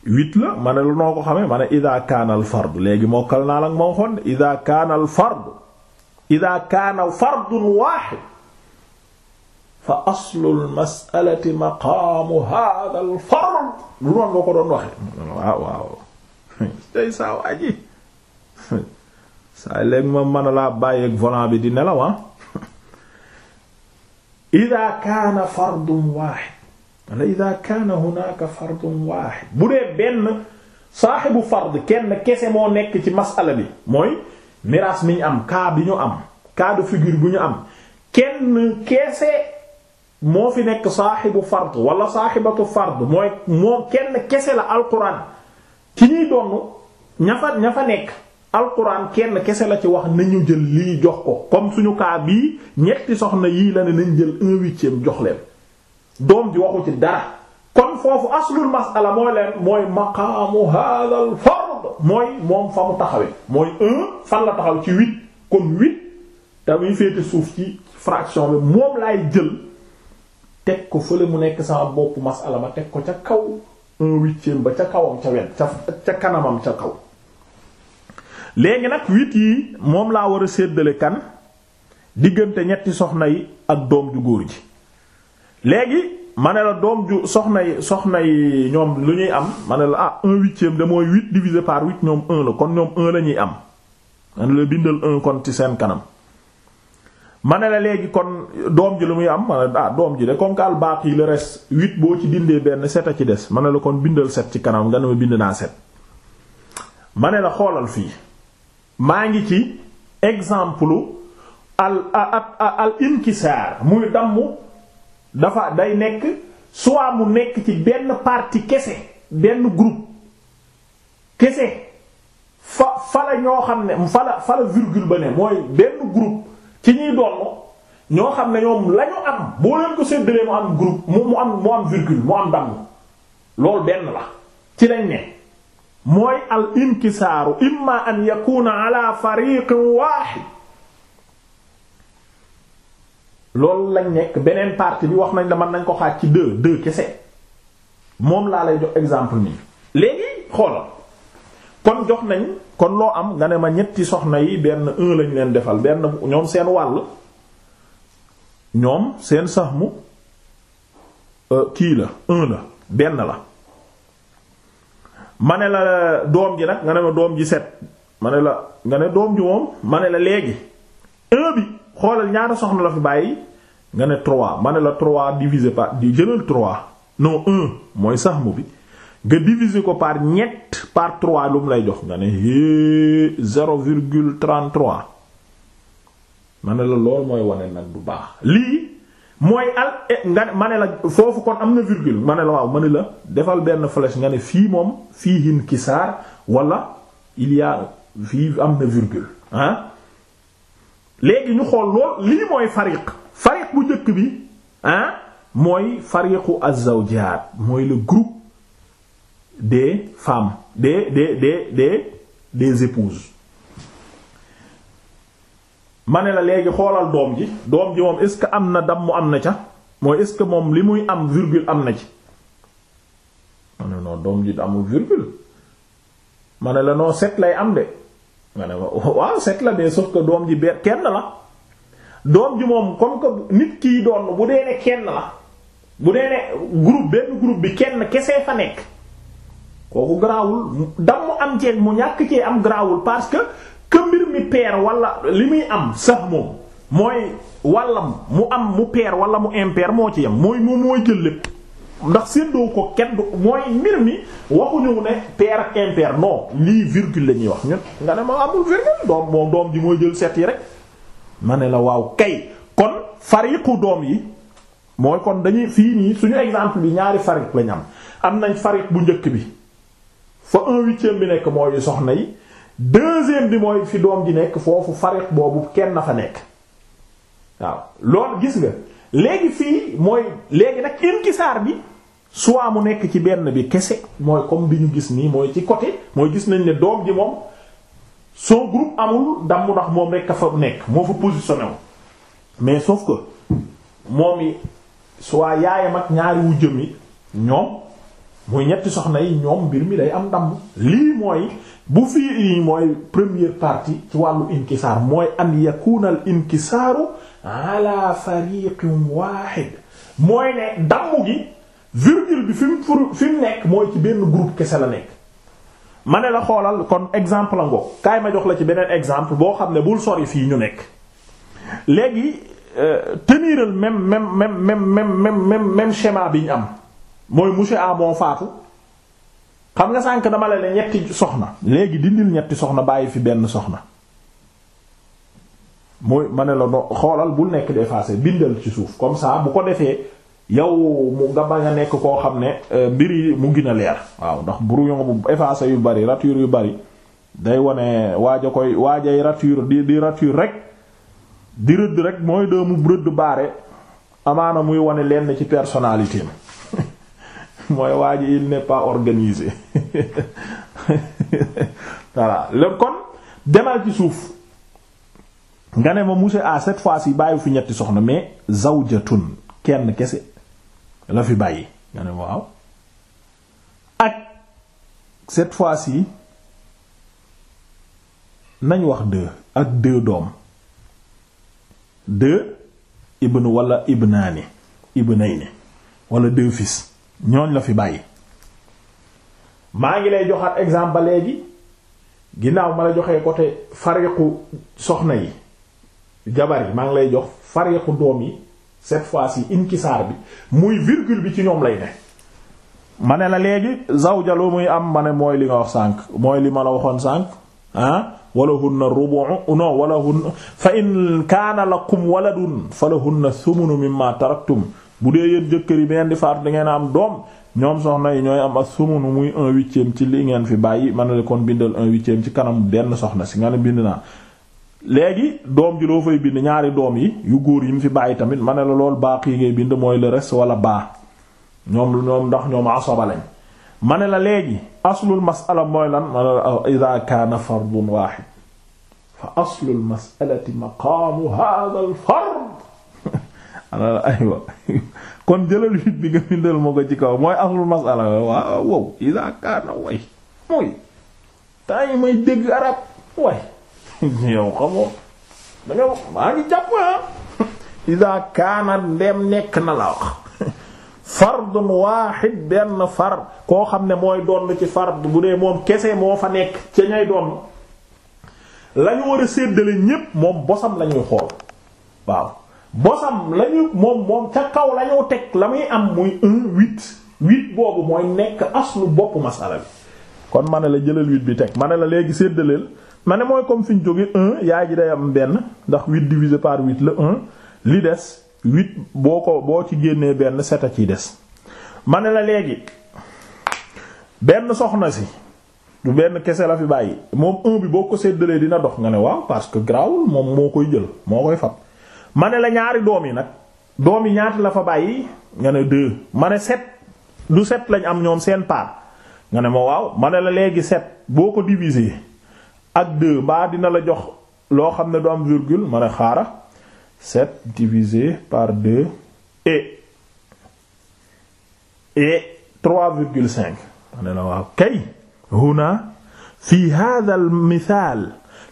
huit la ma ne la noo ko xamee ma ne ida kaana al léegi mokkal naa la ak moo xon ida kaana al ida kaana fardun wahid fa aslul al fard lu ko doon waxe waaw waaw tey saa ma mën laa bàyyeeg volant bi di nelaw ah ida kaana fardun waaxid wala kaana hunaka fardun bu dee benn saaxibu fard kenn kese moo nekk ci masala bi mooy miraas mi am cas bi ñu am cas de figure bu ñu am kenn kese moo fi nekk saaxibu fard wala saaxibatu fard mooy moo kenn kese la alquran ci ñuy donn ña fa ña fa nekk alquran kenn kese la ci wax nañu jël lii jox ko comme suñu kaar bi ñetti soxna yii la ne nañ jël un huitième jox leen doom ji waxu ci dara kon foofu aslul masala mooy leen mooy maqaamu hadha fard mooy moom fa mu taxawe mooy un fan la taxaw ci huit kon huit tamit féete suuf ci fraction bi moom laay jël teg ko fële mu nekk sax bopp masala ma teg ko ca kaw un huitième ba ca kawam ca wet ca ca kanamam ca kaw léegi nag huit yi moom laa war a seddale kan diggante ñetti soxna yi ak doom ju góor ji léegi ma ne doom ju soxna yi soxna yi ñoom lu ñuy am ma la ah un mooy huit divisé par huit ñoom la kon ñoom un am man la bindal un kon ci seen kanam ma ne la léegi kon doom ji lu muy am ah doom ji de comme que al baaqi le reste huit boo ci dindee benn set a ci des ma ne la kon bindal set ci kanam nga ne ma bind naa set ma ne la xoolal fii maa ngi ci exemple al al al inkisaar muy damm dafa day nekk soit mu nekk ci benn partie kese benn groupe kese fa fa la ñoo xam ne fa la fa la virgule ba ne mooy benn groupe. ci ñuy doon ñoo xam ne ñoom la ñu am boo leen ko séddalee mu am groupe mu am mu am virgule mu am damm loolu benn la ci lañ ne mooy al inkisaaru imma an yakuna ala fariqin wahid loolu lañ nekk beneen partie bi wax nañ la mën nañ ko xaaj ci deux deux kese moom laa lay jox exemple nii léegi xoolal kon jox nañ kon loo am nga ne ma ñetti soxna yi benn un lañ leen defal benn ñoom seen wàll ñoom seen saxmu euh, kii la un la benn la ma ne la doom ji nag nga ne ma doom ji set ma ne la nga ne doom ji moom ma ne la léegi un bi xoolal ñaata soxna la fi bàyyi nga ne trois ma ne la trois divisé par di jëlal trois non un mooy saxmu bi nga diviser ko par ñett par trois lu lay jox nga ne hé zéro virgule trente-trois ma la lool mooy wane nag du baax lii mooy al eh, nga ma ne la foofu kon am na virgule ma ne la waaw ma la defal benn flèche nga ne fii moom fii hin kisaar wala il fii am na virgule ah léegi ñu xool lool lii mooy fariq fariq bu njëkk bi ah mooy fariqu az-zawjaat mooy le groupe de femmes des des des des des épouses ma ne la léegi xoolal doom ji doom ji moom est-ce que am na dam am na ca mooy est moom li muy am virgule am na ci ma ne non doom ji amul virgule ne la non set lay am de ma ne waaw set la de sauf que doom ji benn kenn la doom ji moom comme que nit kii doon bu dee ne kenn la bu dee ne groupe benn groupe bi kenn kese fa nekk. kooku garaawul dam mu am ceeb mu ñàkk cee am garaawul parce que que mbir mi pair wala li muy am sax moom mooy wàllam mu am mu pair wala mu impair moo ci yam mooy moom mooy jël lépp ndax séddoo ko kenn mooy mbir mi waxuñu ne pair ak impair non lii virgule la ñuy wax ñun nga ne ma amul virgule doom moom doom ji mooy jël set yi rek ma ne la waaw kay kon fariqu doom yi mooy kon dañuy fii nii suñu exemple bi ñaari fariq lañ am am nañ fariq bu njëkk bi fa un huitième bi nekk mooy soxna yi deuxième bi mooy fi doom ji nekk foofu fariq boobu kenn na fa nekk waaw loolu gis nga léegi fii mooy léegi nag inkisaar bi soit mu nekk ci benn bi kese mooy comme bi ñu gis nii mooy ci côté mooy gis nañ ne doom ji moom soo groupe amul dam ndax moom rek a fa nekk moo fa positionné mais sauf ko moom yi soit yaayam ak ñaari wujjëm yi ñoom muy ñetti soxna yi ñoom mbir mi day am ndam lii mooy bu fii yi mooy première partie ci wàllu inkisaar mooy an yakuna al inkisaaru ala fariqin wahid mooy ne damm gi virgule bi fi mu pour fi mu nekk mooy ci benn groupe kese la nekk ma ne la xoolal kon exemple la ngo kaay ma jox la ci beneen exemple boo xam ne bul sori fii ñu nekk léegi euh, teniral même même même même même même même schéma bi ñu am mooy monsieur A moo faatu xam nga sànk dama la ne ñetti soxna léegi dindil ñetti soxna bàyyi fi benn soxna mooy ma ne la no xoolal bul nekk di effacer bindal ci suuf comme ça bu ko defee yow mu nga ba nga nekk koo xam ne euh, mbir yi mu gën a leer waaw ndax brouillon bu effacer yu bari rature yu bari day wane waaj koy waajay rature di di rature rek di rëdd rek mooy doomu rëdd baare amaana muy wane lenn ci personnalité mooy waa ji il n'est pas organisé kon demal ci suuf nga ne ma monsieur A set fois-ci bàyyi fi ñetti soxna mais zawjatun kenn kese la fi bàyyi nga ne waaw ak cette fois yi nañ wax deux ak deux doom deux ibn wala ibnaani ibnayni wala deux fils ñooñ la fi bàyyi maa ngi lay joxaat exemple ba léegi ginnaaw ma la joxee côté fariqu soxna yi jabar yi maa ngi lay jox fariqu doom yi cette fois-ci inkisaar bi muy virgule bi ci ñoom lay ne ma ne la léegi zawja lu muy am ma ne mooy li nga wax sànq mooy li ma la waxoon sànq ah wala hunna rubu'u non wala hunna fa in kaana lakum waladun fa lahunna thumunu mimma taraktum bu dee yéen jëkkër yi benn di faatu da ngeen am doom ñoom soxna yi ñooy am asumunu muy un huitième ci li ngeen fi bàyyi man la kon bindal un huitième ci kanam benn soxna si nga ne bind naa. léegi doom ji loo fay bind ñaari doom yi yu góor yi mu fi bàyyi tamit ma ne la lool baax yi ngay bind mooy le reste wala baax ñoom ñoom ndax ñoom asaba lañ ma ne la léegi aslul masala mooy lan ma ne la kaana fardun waaxid fa aslul masalati maqaamu haadal fard aywa kon jëlal huit bi nga bindal ma ko ci kaw mooy aslul masala waaw wow isa kaana way mooy temps yi may dégg arab way yow xamoo danga maa ngi jàpp ah isa kaana ndem nekk na la wax fardun waaxid benn fard koo xam ne mooy donn ci fard bu dee moom kese moo fa nekk ca ñay donn lañu war a séddale ñépp moom bosam lañuy xool waaw bosam lañu moom moom ca kaw la ñu teg la muy am muy un huit huit boobu mooy nekk aslu bopp masala bi kon ma ne la jëlal wit bi teg ma ne la léegi séddaleel ma ne mooy comme fi ñu jóge un yaay ji day am benn ndax wit divisé par huit la un li des huit boo ko boo ci génnee benn set a ciy des ma ne la léegi benn soxna si du benn kese la fi bàyyi moom un bi boo ko séddalee dina dox nga ne waaw parce que grawul moom moo koy jël moo koy fab ma ne la ñaari doom yi nag doom yi ñaata la fa bàyyi nga ne deux ma ne sept du sept lañ am ñoom seen part nga ne ma waaw ma ne la léegi set boo ko diviser ak deux mbaa dina la jox loo xam ne du am virgule ma ne xaara sept divisé par deux et et trois virgule cinq ma ne la waaw kay huna fi hadha al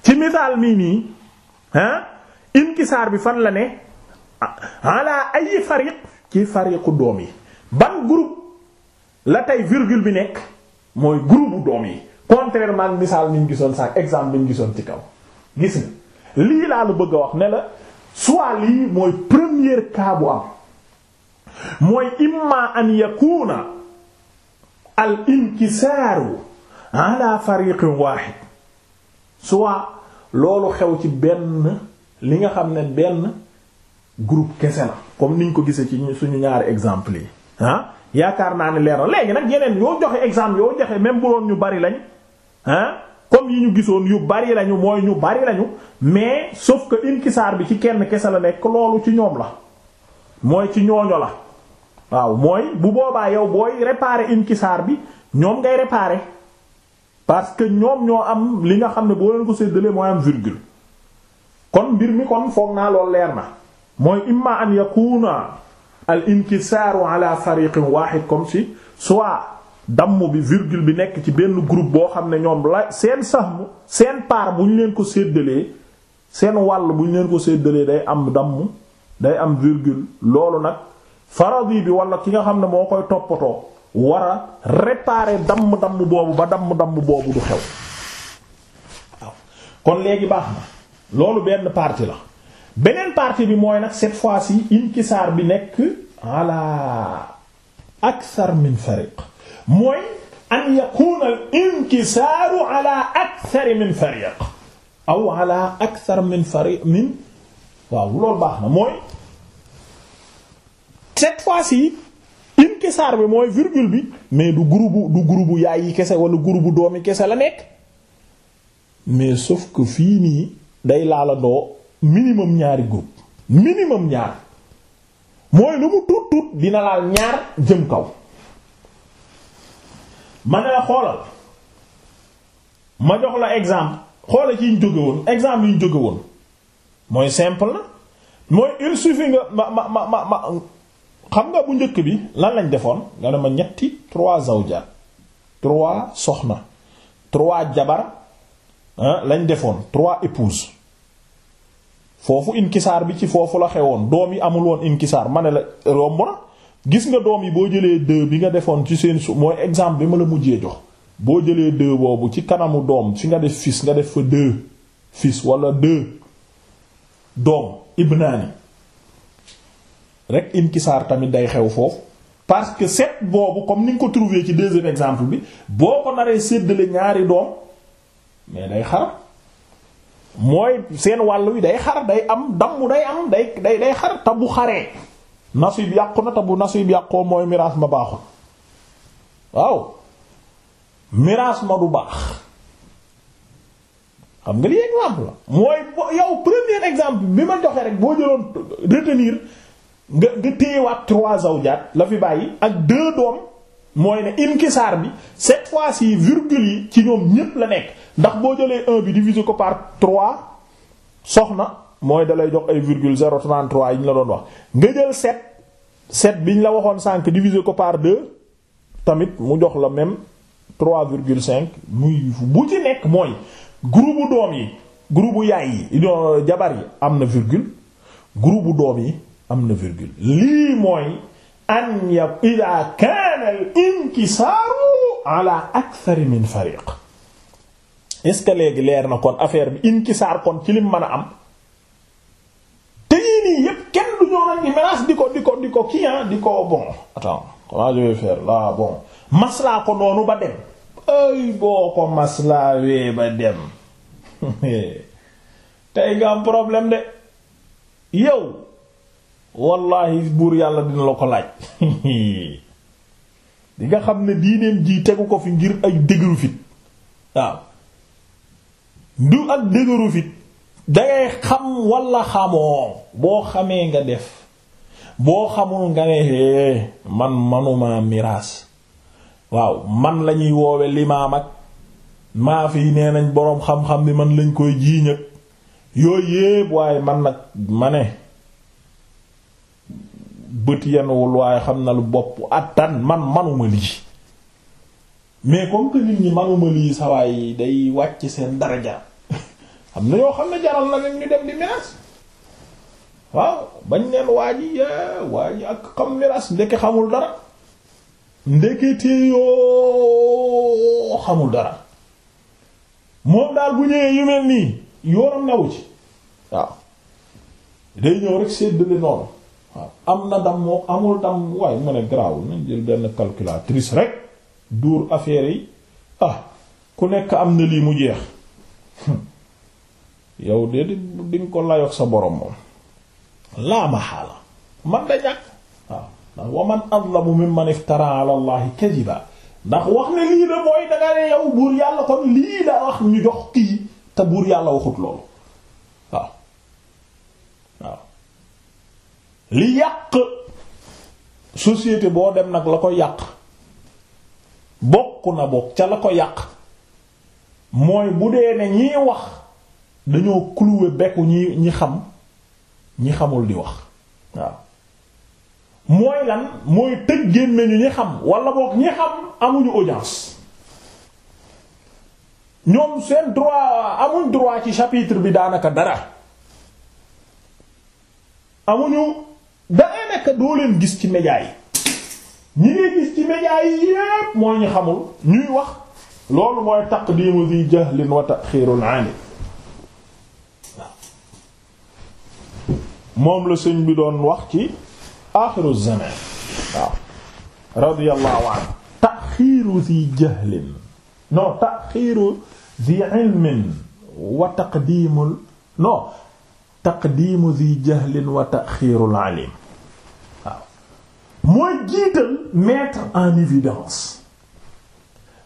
ci mithaal mii nii hein inkisaar bi fan la ne ala ay fariq ci fariqu doom yi ban group la tey virgule bi nekk mooy groupe doom yi contrairement ak misaal ni ñu gisoon sax exemple bi gisoon ci kaw gis nga lii laa la bëgg a wax ne la soit lii mooy première cas bu am mooy imma an yakuna al inkisaaru ala fariqin wahid soit loolu xew ci benn li nga xam ne benn groupe kese la comme niñ ko gisee ci suñu ñaari exemple yi ah yaakaar naa ne leer la léegi nag yeneen yoo joxe exemple yoo joxe même bu doon ñu bari lañ ah comme yi ñu gisoon yu bari lañu mooy ñu bari lañu mais sauf que inkisaar bi ci kenn kese la nekk loolu ci ñoom la mooy ci ñooño la waaw mooy bu boobaa yow booy réparer inkisaar bi ñoom ngay réparer parce que ñoom ñoo am li nga xam ne boo leen ko séddalee mooy am virgule kon mbir mi kon foog naa lool leer na mooy imma an yakuna al inkisaaru ala fariqin wahid comme si soit damm bi virgule bi nekk ci benn groupe boo xam ne ñoom la seen sax mu seen part bu ñu leen ko séddalee seen wàll bu ñu leen ko séddalee day am damm day am virgule loolu nag faradi bi wala ki nga xam ne moo koy toppatoo wara a réparer damm-damm boobu ba damm-damm boobu du xew kon léegi baax na loolu benn partie la beneen partie bi mooy nag cette fois-ci inkisaar bi nekk ala akthar min fariq mooy an yakuna al inkisaaru ala akthar min fariq aw ala akthar min fariq min waaw loolu baax na mooy cette fois-ci inkisaar bi mooy virgule bi mais du groupe du groupe yaay kese wala groupe doomi kese la nekk mais sauf que fii nii day laalandoo minimum ñaari góob minimum ñaar mooy lu mu tuut tuut dina laal ñaar jëm kaw ma ne la xoolal ma jox la exemple xoolal ci ñu jóge woon exemple yi ñu jóge woon mooy simple na mooy il suffit nga ma ma ma ma xam nga bu njëkk bi lan lañ defoon nga ne ma ñetti trois zawja trois soxna trois jabar Ah, lañ defoon trois épouses foofu inkisaar bi ci foofu la xewoon doom yi amul woon inkisaar ma ne la romb na gis nga doom yi boo jëlee deux bi nga defoon ci seen su mooy exemple bi ma la mujjee jox boo jëlee deux boobu ci kanamu doom fi nga def fils nga def fa deux fils wala deux doom ibnaani rek inkisaar tamit day xew foofu parce que sept boobu comme ni nga ko trouvé ci deuxième exemple bi boo ko naree séddale ñaari doom mais day xar mooy seen wàll wi day xar day am damm day am day day day xar te bu xaree nasib yàqu na te nasib yàqoo mooy miraas ma baaxul waaw miraas ma du baax xam nga li exemple la mooy yow premier exemple bi ma joxe rek boo jëloon retenir nga nga téyewaat trois zawjaat la fi bàyyi ak deux doom mooy ne inkisaar bi cette fois-ci virgule yi ci ñoom ñépp la nekk ndax boo jëlee 1 bi divisé ko par 3 soxna mooy da lay jox ay virgule 033 yi ñu la doon wax nga jël 7 7 bi ñu la waxoon sànq divisé ko par 2 tamit mu jox la même cinq muy bu ci nekk mooy groupe doom yi groupe yaay yi jabar yi am na virgule groupe doom yi am na virgule lii mooy. an ya ida kaana al inkisaaru ala min fariq est-ce leer na kon affaire bi inkisaar kon ci lim mën a am te nii yépp kenn du ñoo nag ni menace di ko di ko di ko kii ah di ko bon attends maslaa ko noonu ba dem ay boo ko maslaawee ba dem tey nga am problème de yow wallahi buur yàlla dina la ko laaj di nga xam ne diineem ji tegu ko fi ngir ak dëgëru fit waaw du ak dëgëru fit dangay xam walla xamoo boo xamee nga def boo xamul nga ne man manuma miraas waaw man lañuy woowe limaam ak maa fi nee nañ boroom xam-xam bi man lañ koy jiiñ ak yooyu yépp waaye man nag ma ne bët yenwul waaye xam na lu bopp attan man manuma lii mais comme que nit ñi manuma lii sawaay day wàcc seen daraja am na yoo xam ne jaral na leen ñu dem di menace waaw bañ neen eh, waa ji ak xam menace ndeke xamul dara ndekete yoo xamul dara moom daal bu ñëwee yu mel nii yoonam nawu ci waaw day ñëw rek séddale noonu waaw am na dam moo amul dam waaye mu ne garaawul nañ jël benn calculatrice rek duur affaire yi ah ku nekk am na lii mu jeex yow de di dinga ko layoog sa borom moom laa maxaala man da ñàkk waaw ah, ndax wa man adlamu mimman iftara ala allahi kadiba ndax wax ne lii la mooy danga ne yow buur yàlla kon lii la wax ñu jox kii te buur yàlla waxut loolu li yàq société boo dem nag la ko yàq bokk na bokk ca la ko yàq mooy bu dee ne ñiy wax dañoo clouer bekku ñi ñi xam ñi xamul di wax waaw mooy lan mooy tëj gémmiñu ñi xam walla boog ñi xam amuñu audience ñoom seen droit amuñ droit ci chapitre bi daanaka dara amuñu daanaka doo leen gis ci média yi ñi ngay gis ci média yi yépp moo ñu xamul ñuy wax loolu mooy taqdimu di jahlin wa taxiirul aani moom la sëñ bi wax ci axiru zaman waaw radiyallahu anhu taxiiru di jahlin non taxiiru di ilmin alim mooy jiital mettre en évidence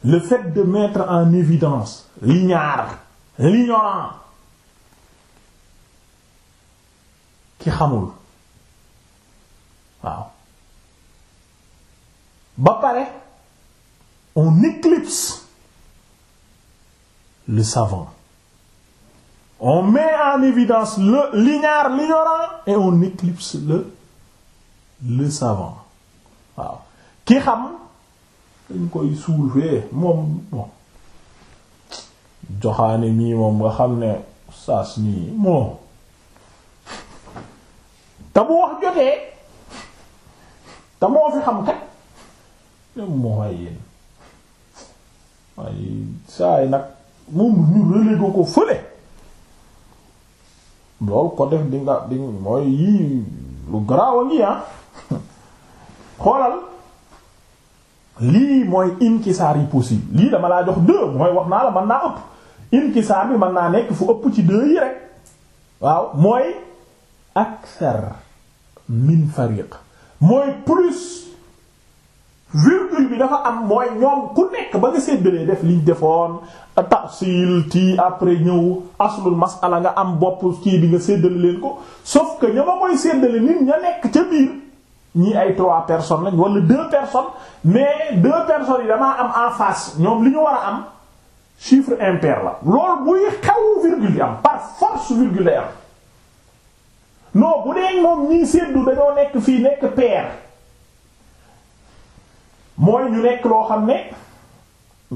le fait de mettre en évidence l'ignare l'ignorant ki xamul waaw ba on éclipse le savant on met en évidence le l'ignare l'ignorant et on éclipse le le savant waaw ki xam dañ koy suufee moom moom joxaane mii moom nga xam ne saas nii moom te bu wax jotee te moo fi xam kat ñoom moo waay yéen waaye nag moom ko fële loolu ko def di nga di mooy yii lu garaaw a ngi ah xoolal lii mooy inkisaar yi possible lii dama laa jox deux mooy wax naa la mën naa ëpp inkisaar bi man naa nekk fu ëpp ci deux yi rek waaw mooy akthar min fariq mooy plus virgule bi dafa am mooy ñoom ku nekk ba nga séddalee def liñ defoon tafsil ti après ñëw aslul masala nga am bopp ci bi nga séddale leen ko sauf que ña a koy séddale nit ña nekk ca biir ñii ay trois personnes lañ walla deux personnes mais deux personnes yi damaa am en face ñoom li ñu war a am chiffre impair la loolu buy xew virgule yi am par force virgule lay bu dee moom ñii seddu dañoo nekk fii nekk pair mooy ñu nekk loo xam ne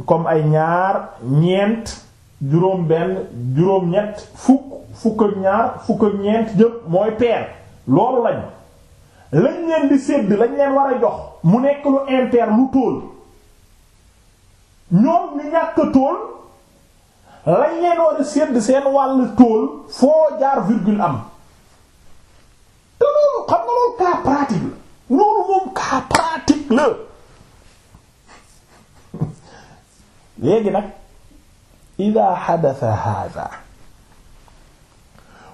comme ay ñaar ñeent juróom benn juróom ñett fukk fukk ak ñaar fukk ak ñeent jëpp mooy pair loolu lañ lañ leen di sédd lañ leen war a jox mu nekk lu inter lu tóol ñoom ñu ñàkk tóol lañ leen war a sédd seen wàll tóol foo jaar virgule am te loolu xam nga loolu cas pratique la loolu moom cas pratique la léegi nag ida xadata hada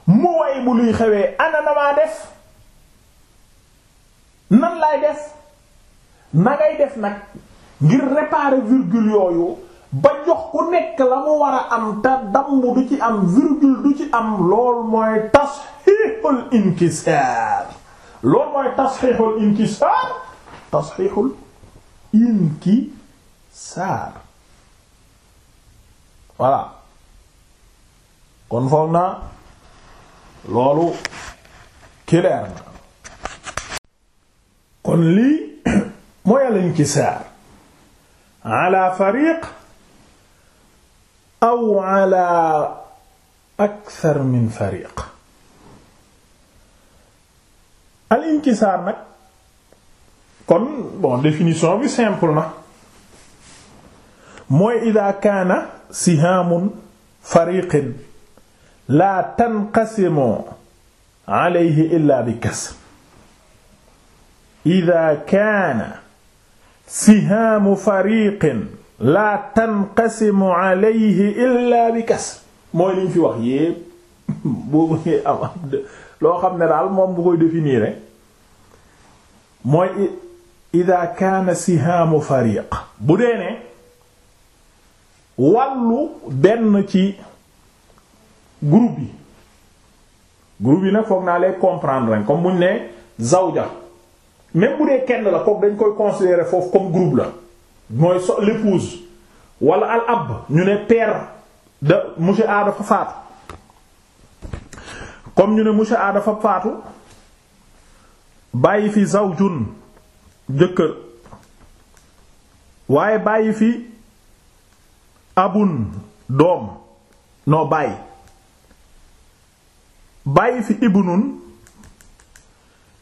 mu way bu luy xewee ana na maa def nan laay def na ngay nag ngir réparer virgule yooyu ba jox ku nekk la mu war a am te damm du ci am virgule du ci am lool mooy tasxiixul inkisaar lool mooy tasxiixul inkisaar tasxiixul inkisaar voilà kon foog na loolu clair na kon lii mooy al-inkisaar ala fariq aw ala akthar min fariq al-inkisaar nag kon bon définition bi simple na mooy ida kaana sihaamun fariqin la tanqasimu alayhi illa bi kasr ida kaana sihaamu fariqin laa tanqasimu alayhi bi kas mooy liñ fi wax yépp boobu ngi am loo xam ne daal moom bu koy définir mooy ida kaana sihaamu fariq bu dee ne wàllu benn ci groupe yi groupe yi nag foog naa lay comprendre comme buñ ne zawja même bu dee kenn la kooku dañ koy considérer foofu comme groupe la mooy so l'épouse wala al ab ñu ne père de monsieur A dafa faatu comme ñu ne monsieur A dafa faatu bàyyi fi zawjun jëkkër waaye bàyyi fi abun doom noo bàyyi bàyyi fi ibnun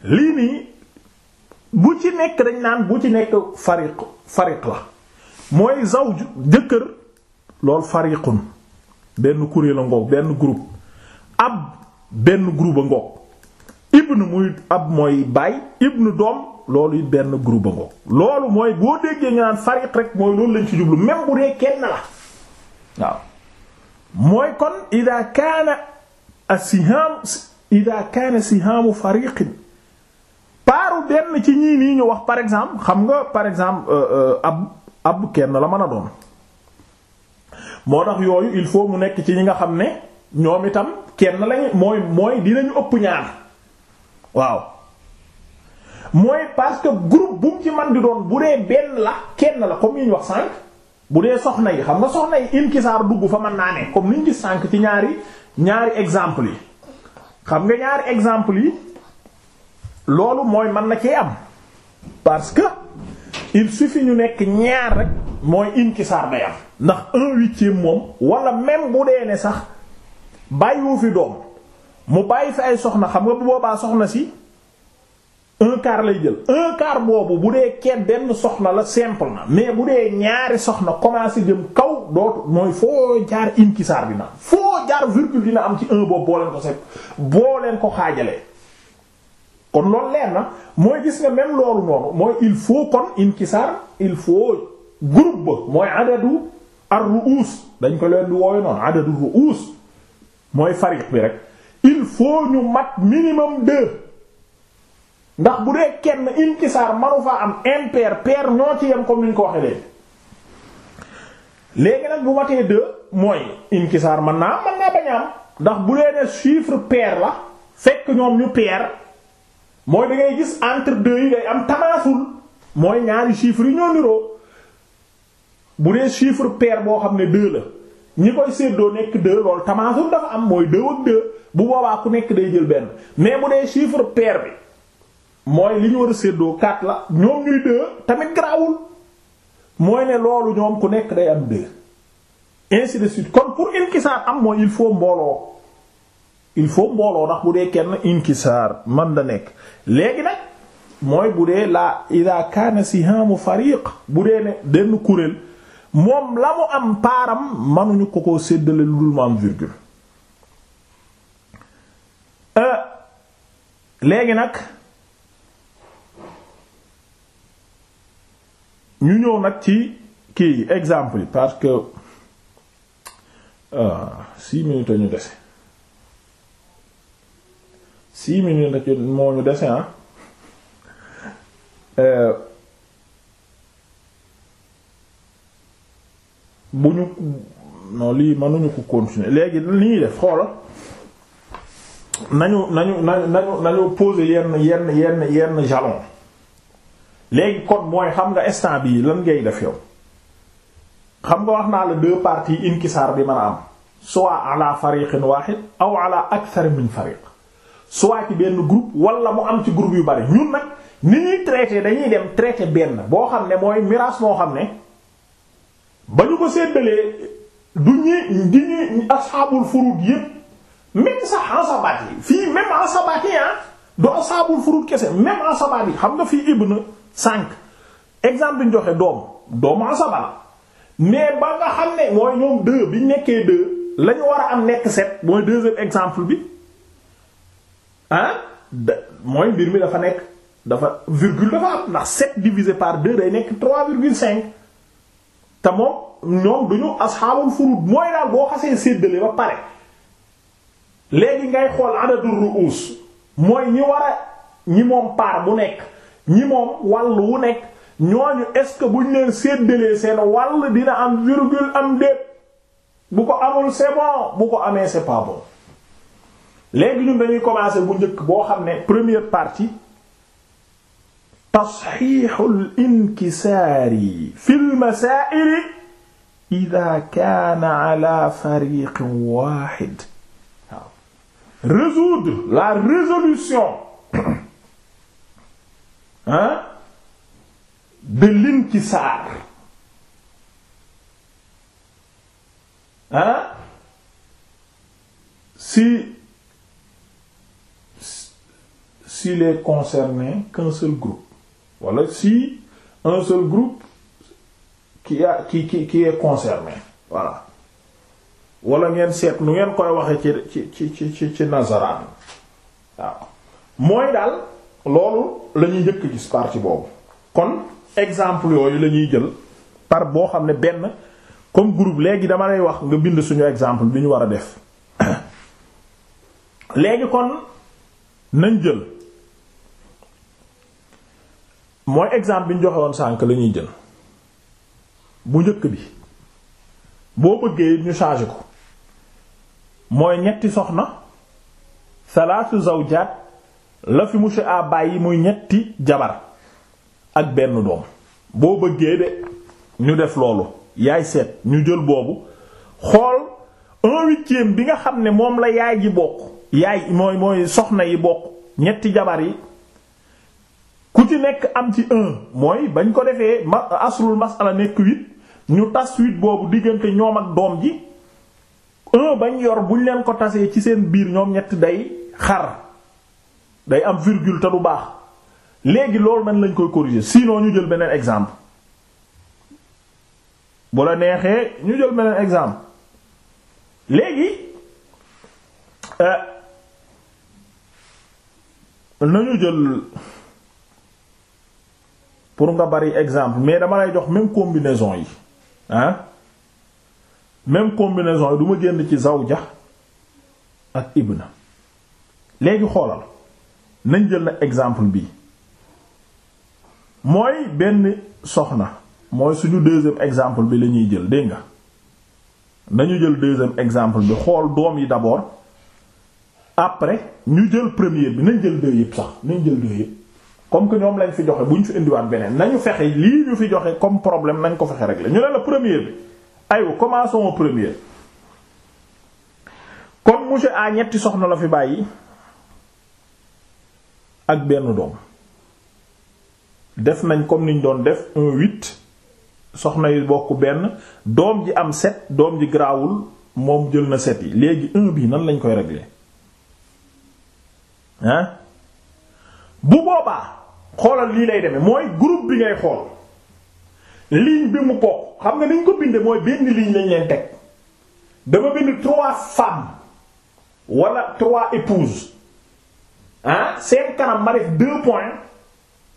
lii nii bu ci nekk dañ naan bu ci nekk fariq fariq la mooy zawj jëkkër loolu fariqun benn kuréel a ngoog benn group ab benn groupe a ngoog ibn muy ab mooy baay ibn doom loolu it benn groupe a ngoog loolu mooy boo déggee ñu naan fariq rek mooy loolu lañ ci jublu même bu kenn la waaw mooy kon ida kaana asihaam ida kaana sihaamu fariqin benn ci ñii nii ñu wax par exemple xam nga par exemple euh, euh, ab ab kenn la mën a doon moo tax yooyu il faut mu nekk ci ñi nga xam ne ñoom itam kenn lañ mooy mooy dinañu ëpp ñaar waaw mooy parce que groupe bu mu ci man di doon bu dee benn la kenn la comme yi ñu wax sànq bu dee soxna yi xam nga soxna yi inkisaar dugg fa mën naa ne comme niñ gis sànk ci ñaari ñaari exemple yi xam nga ñaari exemple yi loolu mooy mën na cee am parce que il suffit ñu nekk ñaar rek mooy inkisaar day am ndax un huitième moom wala même bu dee ne sax bàyyiwu fi doom mu bàyyi fi ay soxna xam nga bu boobaa soxna si un quart lay jël un quart boobu bu dee kenn benn soxna la simple na mais bu dee ñaari soxna commencé jëm kaw dootu mooy foo jaar inkisaar dina foo jaar virgule dina am ci un boobu boo leen ko set boo leen ko xaajale kon loolu leen na mooy gis nga même loolu noonu mooy il faut kon inkisaar il faut groupe ba mooy adadu ar-ru'us dañ ko leen di wooyu noonu adadu ru'us mooy fariq bi rek il faut ñu mat minimum deux ndax bu dee kenn inkisaar manu faa am impair pair ñoo ci yem comme ni ñu ko waxee léegi léegi nag bu matee deux mooy inkisaar man naa man naa bañ a ndax bu dee ne chiffre pair la fekk ñoom ñu pair mooy da ngay gis entre deux yi day am tamaasul mooy ñaari chiffres yi ñoo niroo bu dee chiffre pair boo xam ne deux la ñi koy séddoo nekk deux loolu tamaasul dafa am mooy deux ak deux bu boobaa ku nekk day jël benn mais bu dee chiffre pair bi mooy li ñu war a séddoo quatre la ñoom ñuy deux tamit garaawul mooy ne loolu ñoom ku nekk day am deux ainsi de suite kon pour inkisaar am mooy il faut mbooloo. il faut mbooloo ndax bu dee kenn inkisaar man da nekk léegi nag mooy bu dee la ida kaana sihamu fariq bu dee ne denn kuréel moom la mu am paaram manuñu ko koo séddale lu dul mu am virgule euh, léegi nag ñu ñëw nag ci kii exemple parce que ah six ñu dese six minutes ci moo ñu dese ah euh, bu ñu non lii mënuñu ko continuer léegi li ñuy def xoola nañu nañu nañu nañu poser yenn yenn yenn yenn jalon léegi kon mooy xam nga instant bi lan ngay def yow xam nga wax naa la deux parties inkisaar bi mën a am soit ala fariqin wahid aw ala akthar min fariq soit ci benn groupe wala mu am ci groupe yu bari ñun nag ni ñuy traité dañuy dem traité benn boo xam ne mooy miraas moo xam ne ba ñu ko seddalee du ñi di ñuy asxaabul furud yépp même sax asabaat yi fii même asabaat yi ah du asxaabul furud kese même asabaat yi xam nga fii ibn cinq exemple bi joxe doom doomu asaba la mais ba nga xam ne mooy ñoom deux bi nekkee deux la war a am nekk sept mooy deuxième exemple bi. ah da mooy mbir mi dafa nekk dafa virgule dafa am ndax 7 divisé par 2 day nekk 3 virgule 5 te moom ñoom du ñu asxaabul furud mooy daal boo xasee séddale ba pare léegi ngay xool adadul ruus mooy ñi war a ñi moom paar bu nekk ñi moom wàll wu nekk ñooñu est-ce que buñ leen séddalee seen wàll dina am virgule am déet bu ko amul c'est bu ko amee c'est léegi ñun dañuy commencer bu njëkk boo xam ne première partie tasxiixul inkisaari fil masaa'ili idaa kaana ala fariqin waahid la résolution hein de l'inkisaar hein si s'il est concerné qu'un seul groupe wala voilà, si un seul groupe qui ki qui qui qui concerné voilà wala ngeen seet nu ngeen koy waxee ci ci ci ci ci nasaraan waaw mooy daal loolu lañuy ñuy njëkk gis partie boobu kon exemple yooyu lañuy jël par boo xam ne benn comme group léegi dama lay wax nga bind suñu exemple bi ñu war a def léegi kon nañ jël mooy exemple bi ñu sànk lañuy jël bu njëkk bi boo bëggee ñu changer ko mooy ñetti soxna salaasu zawjaat la fi monsieur a bàyyi muy ñetti jabar ak benn doom boo bëggee de ñu def loolu yaay seet ñu jël boobu xool un bi nga xam ne moom la yaay ji bokk yaay mooy mooy soxna yi bokk ñetti jabar yi ci nekk am ci un mooy bañ ko defee ma aslul masala nekk huit ñu tas huit boobu diggante ñoom ak doom ji un bañ yor buñ leen ko tasee ci seen biir ñoom ñett day xar day am virgule te du baax léegi loolu nan lañ koy corriger sinon ñu jël beneen exemple bu la neexee ñu jël beneen exemple léegi euh, nañu jël pour nga bari exemple mais dama lay jox même combinaison yi ah même combinaison yi duma ma génn ci zawja ak ibna léegi xoolal nañ jël na exemple bi mooy benn soxna mooy suñu deuxième exemple bi la ñuy jël dégg nga nañu jël deuxième exemple bi xool doom yi d'abord après ñu jël premier bi nañ jël deux yépp sax nañ jël deux yépp comme que ñoom lañ fi joxe bu ñu fi indiwaat beneen nañu fexe lii ñu fi joxe comme problème nañ ko fexe régler ñu ne la première bi aywa commençons première comme monsieur A ñetti soxna la fi bàyyi ak benn doom def nañ comme niñ doon def un huit soxna yi bokk benn doom ji am set doom ji garaawul moom jël na sept yi léegi un bii nan lañ koy régler hein bu boobaa xoolal lii lay demee mooy group bi ngay xool ligne bi mu bokk xam nga niñ ko bindee mooy benn ligne lañ leen teg dama bind trois femmes walla trois épouses ah seen kanam ma def deux points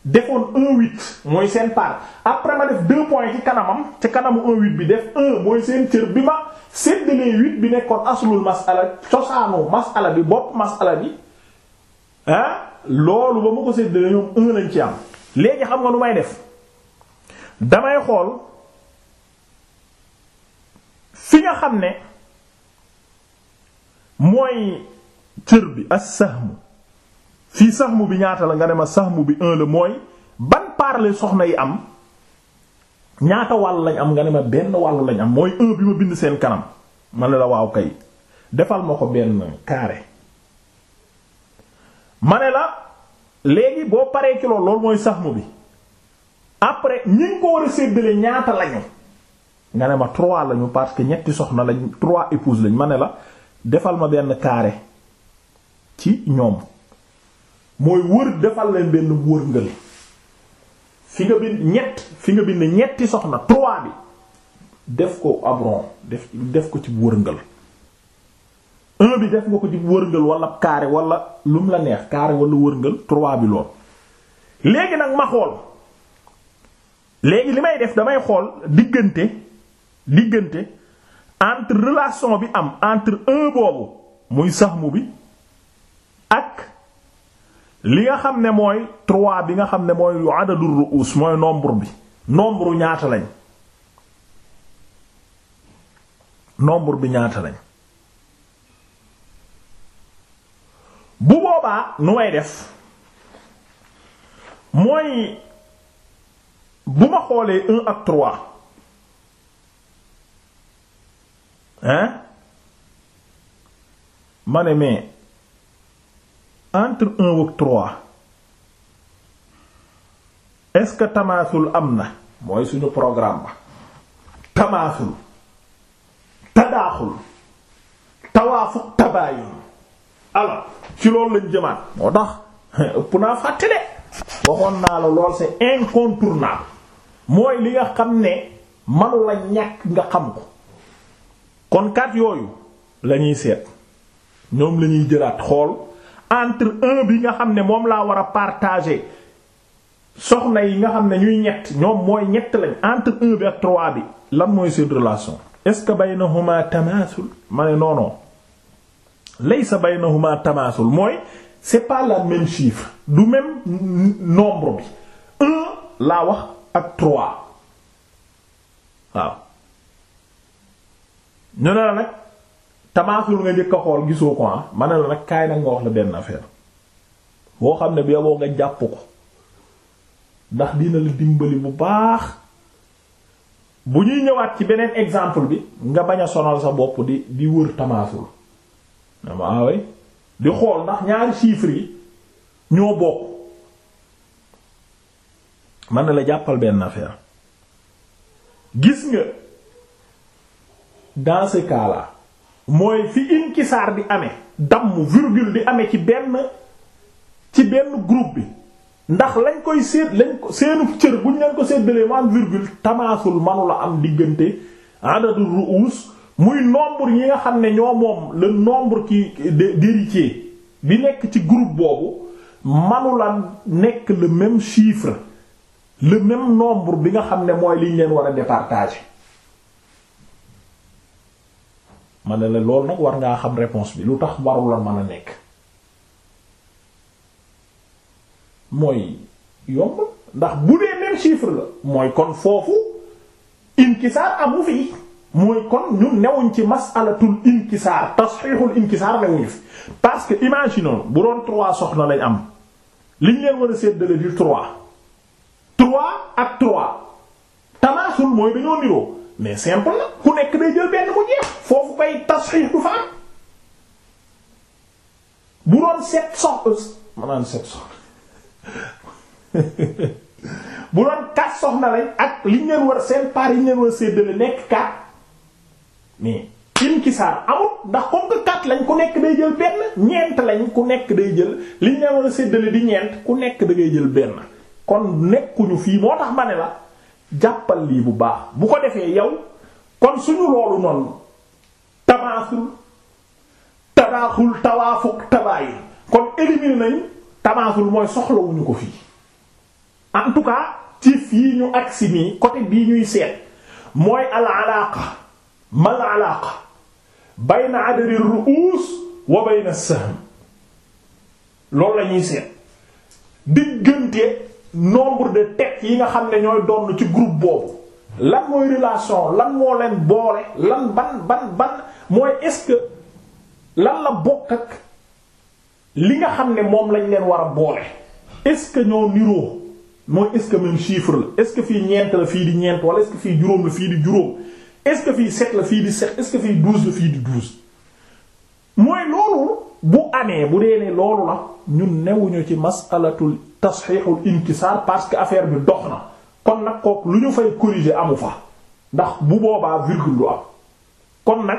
defoon un huit mooy seen part après ma def deux point ci kanamam ci kanamu un huit bi def un mooy seen cër bi ma séddalee huit bi nekkoon aslul masala cosaanu masala bi bopp masala bi ah. loolu ba ma ko séddale ñoom un lañ ci am léegi xam nga nu may def damay xool fi nga xam ne mooy cër bi as-sahmu fii sahmu bi ñaata la nga ne ma sahmu bi un la mooy ban part la soxna yi am ñaata wàll lañ am nga ne ma benn wàll lañ am mooy un bi ma bind seen kanam ma la waaw kay defal ma ko benn carré. ma ne la léegi boo paree kilo loolu mooy saxmu bi après ñi ko war a séddale ñaata lañu nga ne ma trois lañu parce que ñetti soxna lañ trois épouses lañ ma ne la defal ma benn carré ci ñoom mooy wër defal leen benn wërngël fi nga bind ñett fi nga bind ñetti soxna trois bi def ko abron rond def def ko ci wërngël un bi def nga ko ci wërngal wala carré wala lu mu la neex carré wala wërngal trois bi lool léegi nag ma xool léegi li may def damay xool diggante diggante entre relation bi am entre un boobu muy saxmu bi ak li nga xam ne mooy trois bi nga xam ne mooy yu lu ru'us mooy nombre bi nombre ñaata lañ nombre bi ñaata lañ bu boobaa nu may def mooy bu ma xoolee un ak trois hein ma ne mais entre un ak trois est-ce que tamaasul am na mooy suñu programme ba tamaasul tadaaxul tawaafuq tabaayun alors ci loolu lañ jëmaat moo tax ëpp naa fàtte de waxoon naa la lool c'est incontournable mooy li nga xam ne manu la ñàkk nga xam ko kon kat yooyu la ñuy seet ñoom la ñuy jëlaat xool entre un bi nga xam ne moom laa war a partager soxna yi nga xam ne ñuy ñett ñoom mooy ñett lañ entre un bi ak trois bi lan mooy seen relation est-ce que baynahuma tamaasul ma ne non non laysa baynahuma tamaasul mooy c'est pas la même chiffre du même nombre bi un laa wax ak trois waaw ñu ne la nag tamaasul nga njëkk xool gisoo ko ah ma ne la nag kaay nag nga wax la benn affaire boo xam ne bee boo nga jàpp ko ndax dina la dimbali bu baax bu ñuy ñëwaat ci beneen exemple bi nga bañ a sonal sa bopp di di wër tamaasul dama ah di xool ndax ñaari chiffres yi ñoo bokk man na la jàppal benn affaire gis nga dans ce mooy fi inkisaar di ame damm virgule di ame ci benn ci benn groupe bi ndax lañ koy seet lañ ko seenu cër buñ leen ko séddalee mu am virgule tamaasul manula am diggante adadu ru'us muy nombre yi nga xam ne ñoo moom le nombre qui d'héritiers bi nekk ci groupe boobu manula nekk la même chiffre le même nombre bi nga xam ne mooy liñ leen war a départage ma ne la loolu nag war ngaa xam réponse bi lu tax warula mën a nekk mooy yomb ndax bu dee même chiffre la mooy kon foofu inkisaar amu fi mooy kon ñun newuñ ci masalatul inkisaar tasxiixul inkisaar newuñu fi parce que imaginons bu doon trois soxna lañ am liñ leen war a séddale di trois trois ak trois tamaasul mooy dañoo niroo mais simple la ku nekk day jël benn mu jeex foofu koy tasxiix du fa am bu doon sept sox maanaam sept sox bu doon quatre soxna lañ ak liñ leen war a seen part yi ñu leen war a nekk quatre mais inkisaar amul ndax comme que lañ ku nekk day jël benn ñeent lañ ku nekk day jël li la a séddale di ñeent ku nekk dangay jël benn kon nekkuñu fii moo tax ma ne la jàppal lii bu baax bu ko defee yow kon suñu loolu noonu tamaasul tadaaxul tawaafuq tabaayin kon éliminer nañ tamaasul mooy soxlawuñu ko fii en tout cas ci fii ñu agsi nii côté bii ñuy seet mooy al mal alaaqa bayna adadi ruus wa bayna sahm loolu la ñuy seet diggante nombre de têtes yi nga xam ne ñooy doon ci groupe boobu lan mooy relation lan moo leen boole lan ban ban ban mooy est lan la bokk ak li nga xam ne moom lañ leen war a boole est-ce que ñoo niroo mooy est-ce chiffre la est-ce que fii ñeent la fii di ñeent wala est-ce juróom la fii di juróom est fi que fii sept la fii di sept di douze mooy loolu bu amee bu dee ne loolu la ñun newuñu ci masalatul tasxiixul inkisaar parce que affaire bi dox na kon nag kooku lu ñu fay corriger amu fa ndax bu boobaa virgule lu am kon nag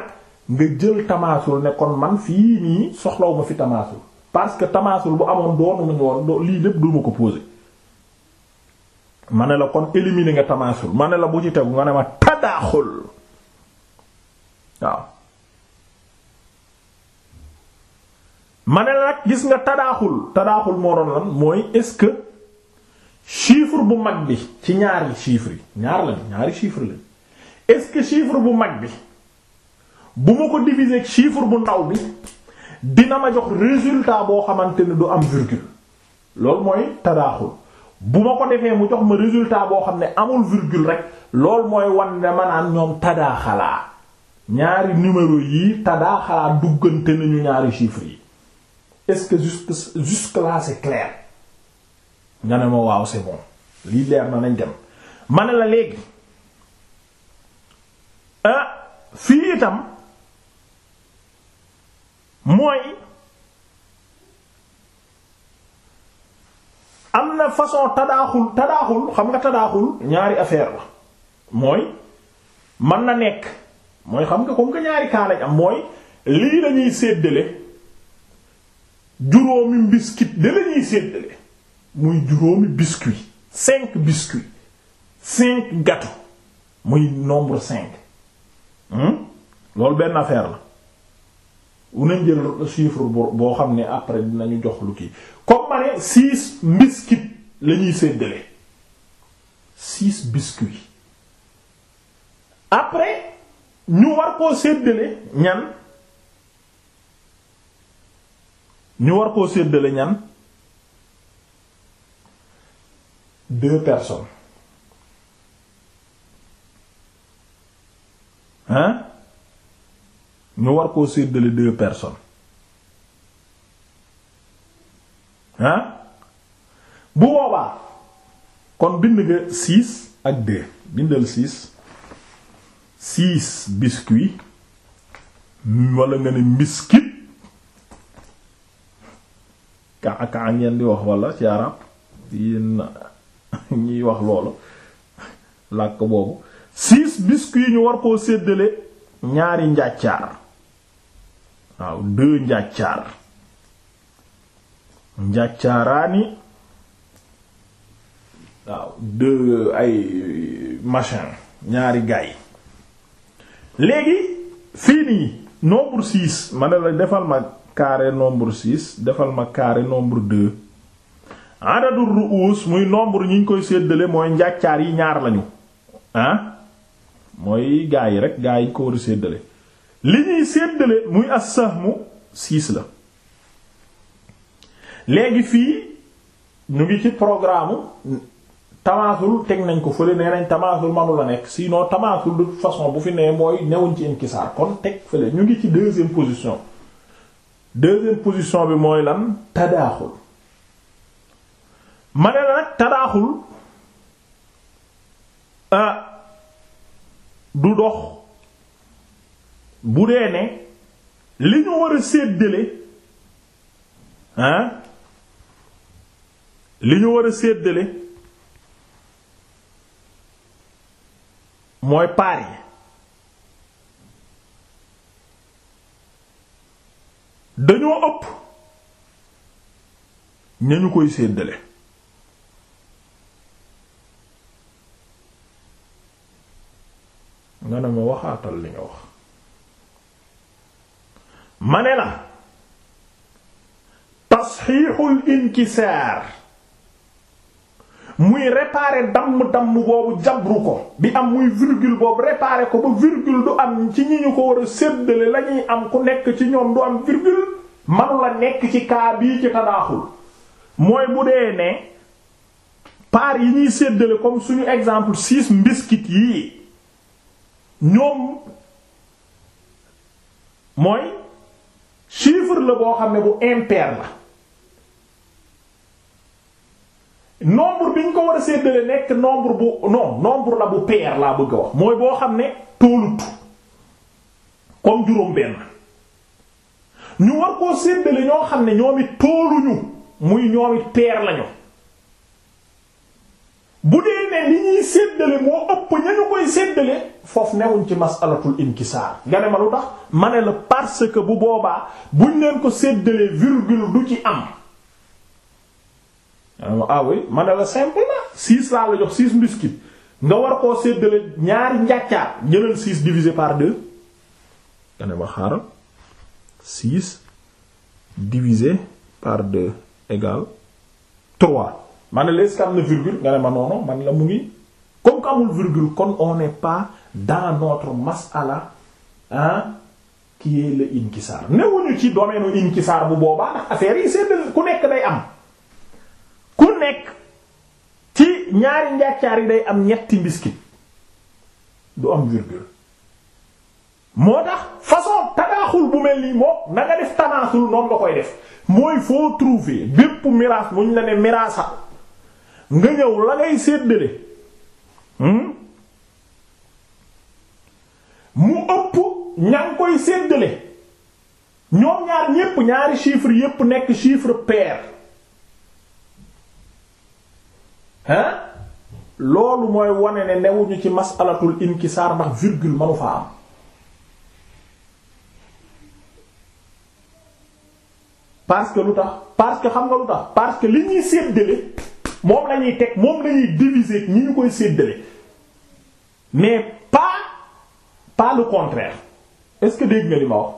nga jël tamaasul ne kon man fii nii soxlaw fi tamaasul parce que tamaasul bu amoon doonu nañu woon lii lépp du ma ko poser ma ne la kon éliminer nga tamaasul ma ne la bu ci tegu nga ne ma tadaaxul waaw ma ne nag gis nga tadaaxul tadaaxul moo doon lan mooy est-ce que chiffre bu mag bi ci ñaari chiffres yi ñaar lañ ñaari chiffre lañ est-ce que chiffre bu mag bi bu ma ko diviser ak chiffre bu ndaw bi dina ma jox résultat boo xamante ne du am virgule loolu mooy tadaaxul bu ma ko defee mu jox ma résultat boo xam ne amul virgule rek loolu mooy wan ne ma naan ñoom tadaaxalaa ñaari numéro yii te duggante nañu ñaari chiffres yi est-ce que jusque jusque là c'est nga ne ma waaw c'est bon lii leer na nañ dem ma ne la léegi ah fii itam mooy am na façon tadaaxul tadaaxul xam nga tadaaxul ñaari affaire la mooy mën na nekk mooy xam nga ko que ñaari kaa lañ mooy lii lañuy séddale juróomi biscuit de lañuy séddale muy juróomi biscuit cinq biscuit cinq gâteau muy nombre cinq hmm? loolu benn affaire la unañ jël chiffre boo xam ne après dinañu jox lu kii comme ma ne lañuy séddale six biscuit après ñu war koo séddale ñan ñu war séddale ñan deux personnes hein ñu war koo séddale deux personnes hein bu boobaa kon bind nga six ak deux bindal six six biscuit wala nga ne mbiskit kaa kaa ngeen di wax wala ci arab yéen ñiy wax loolu làkk boobu six yi ñu war koo séddale ñaari njàccaar waaw deux njàccaar njàccaaraani waaw deux ay machin ñaari gay léegi fii nii nombre six ma ne la defal ma carré nombre six defal ma carré nombre deux adadu ru'us muy nombre ñi ñu koy séddale mooy njàccaar yi ñaar lañu ah mooy gaa yi rek gaa yi ko war a séddale li ñuy séddale muy as-sahmu six la léegi fii ñu ngi ci programme tamaasul teg nañ ko fële nee nañ tamaasul manu la nekk sinon tamaasul de toute façon bu fi nee mooy newuñ ci inkisaar kon teg fële ñu ngi ci deuxième position deuxième position bi mooy lan tadaaxul ma ne la tadaaxul ah, du dox bu dee ne li ñu war a séddale ah li ñu war a séddale mooy paar yi dañoo ëpp ñañu koy séddale nga ne ma waxaatal li nga wax ma ne la inkisaar muy réparer damm-damm boobu jabru ko bi am muy virgule boobu réparer ko ba virgule du am ci ñi ñu ko war a séddale la ñuy am ku nekk ci ñoom du am virgule manu la nekk ci kaa bii ci tadaaxul mooy mu dee ne part yi ñuy séddale comme suñu exemple six mbiskit yii ñoom mooy chiffre la boo xam ne bu impair la nombre bi ñu ko war a séddale nekk nombre bu non nombre la bu pair laa bëgg wax mooy boo xam ne toolut comme juróom-benn ñu war koo séddale ñoo xam ne ñoom it muy ñoom it lañu bu dee ne li ñuy séddale moo ëpp ña ñu koy séddale foofu newuñ ci masalatul inkisaar nga ne ma lu tax ma ne la parce que bu boobaa buñ leen ko séddalee virgule du ci am. Ah, ah oui ma ne la simple laa la jox six biscuits nga war koo séddale ñaari njàccaar jëlal six divisé par deux nga ne ma xaaral six divisé par deux égale trois ma la est-ce am na virgule nga ne ma noono man la mu ngi comme que amul virgule kon on n'est pas dans notre masala ah qui est le inkisaar newuñu ci domaine u inkisaar bu boobaa ndax affaire yi séddale ku nekk day am ku nekk ci ñaari njàccaar yi day am ñetti mbiskit du am virgule moo tax façon tadaaxul bu mel nii moom na nga def tanaasul noonu nga koy def mooy foo trouver bépp miraas muñ la ne miraasa nga ñëw la ngay séddale hmm? mu ëpp ña koy séddale ñoom ñaar ñépp ñaari chiffre yépp nekk chiffre pair loolu mooy wane ne newuñu ci masalatul inkisaar ndax virgule manu fa am parce que lu tax parce que xam nga lu tax parce que li ñuy séddale moom la ñuy teg moom la ñuy diviser ñu koy séddale mais pa pas le contraire est-ce que dégg nga li ma wax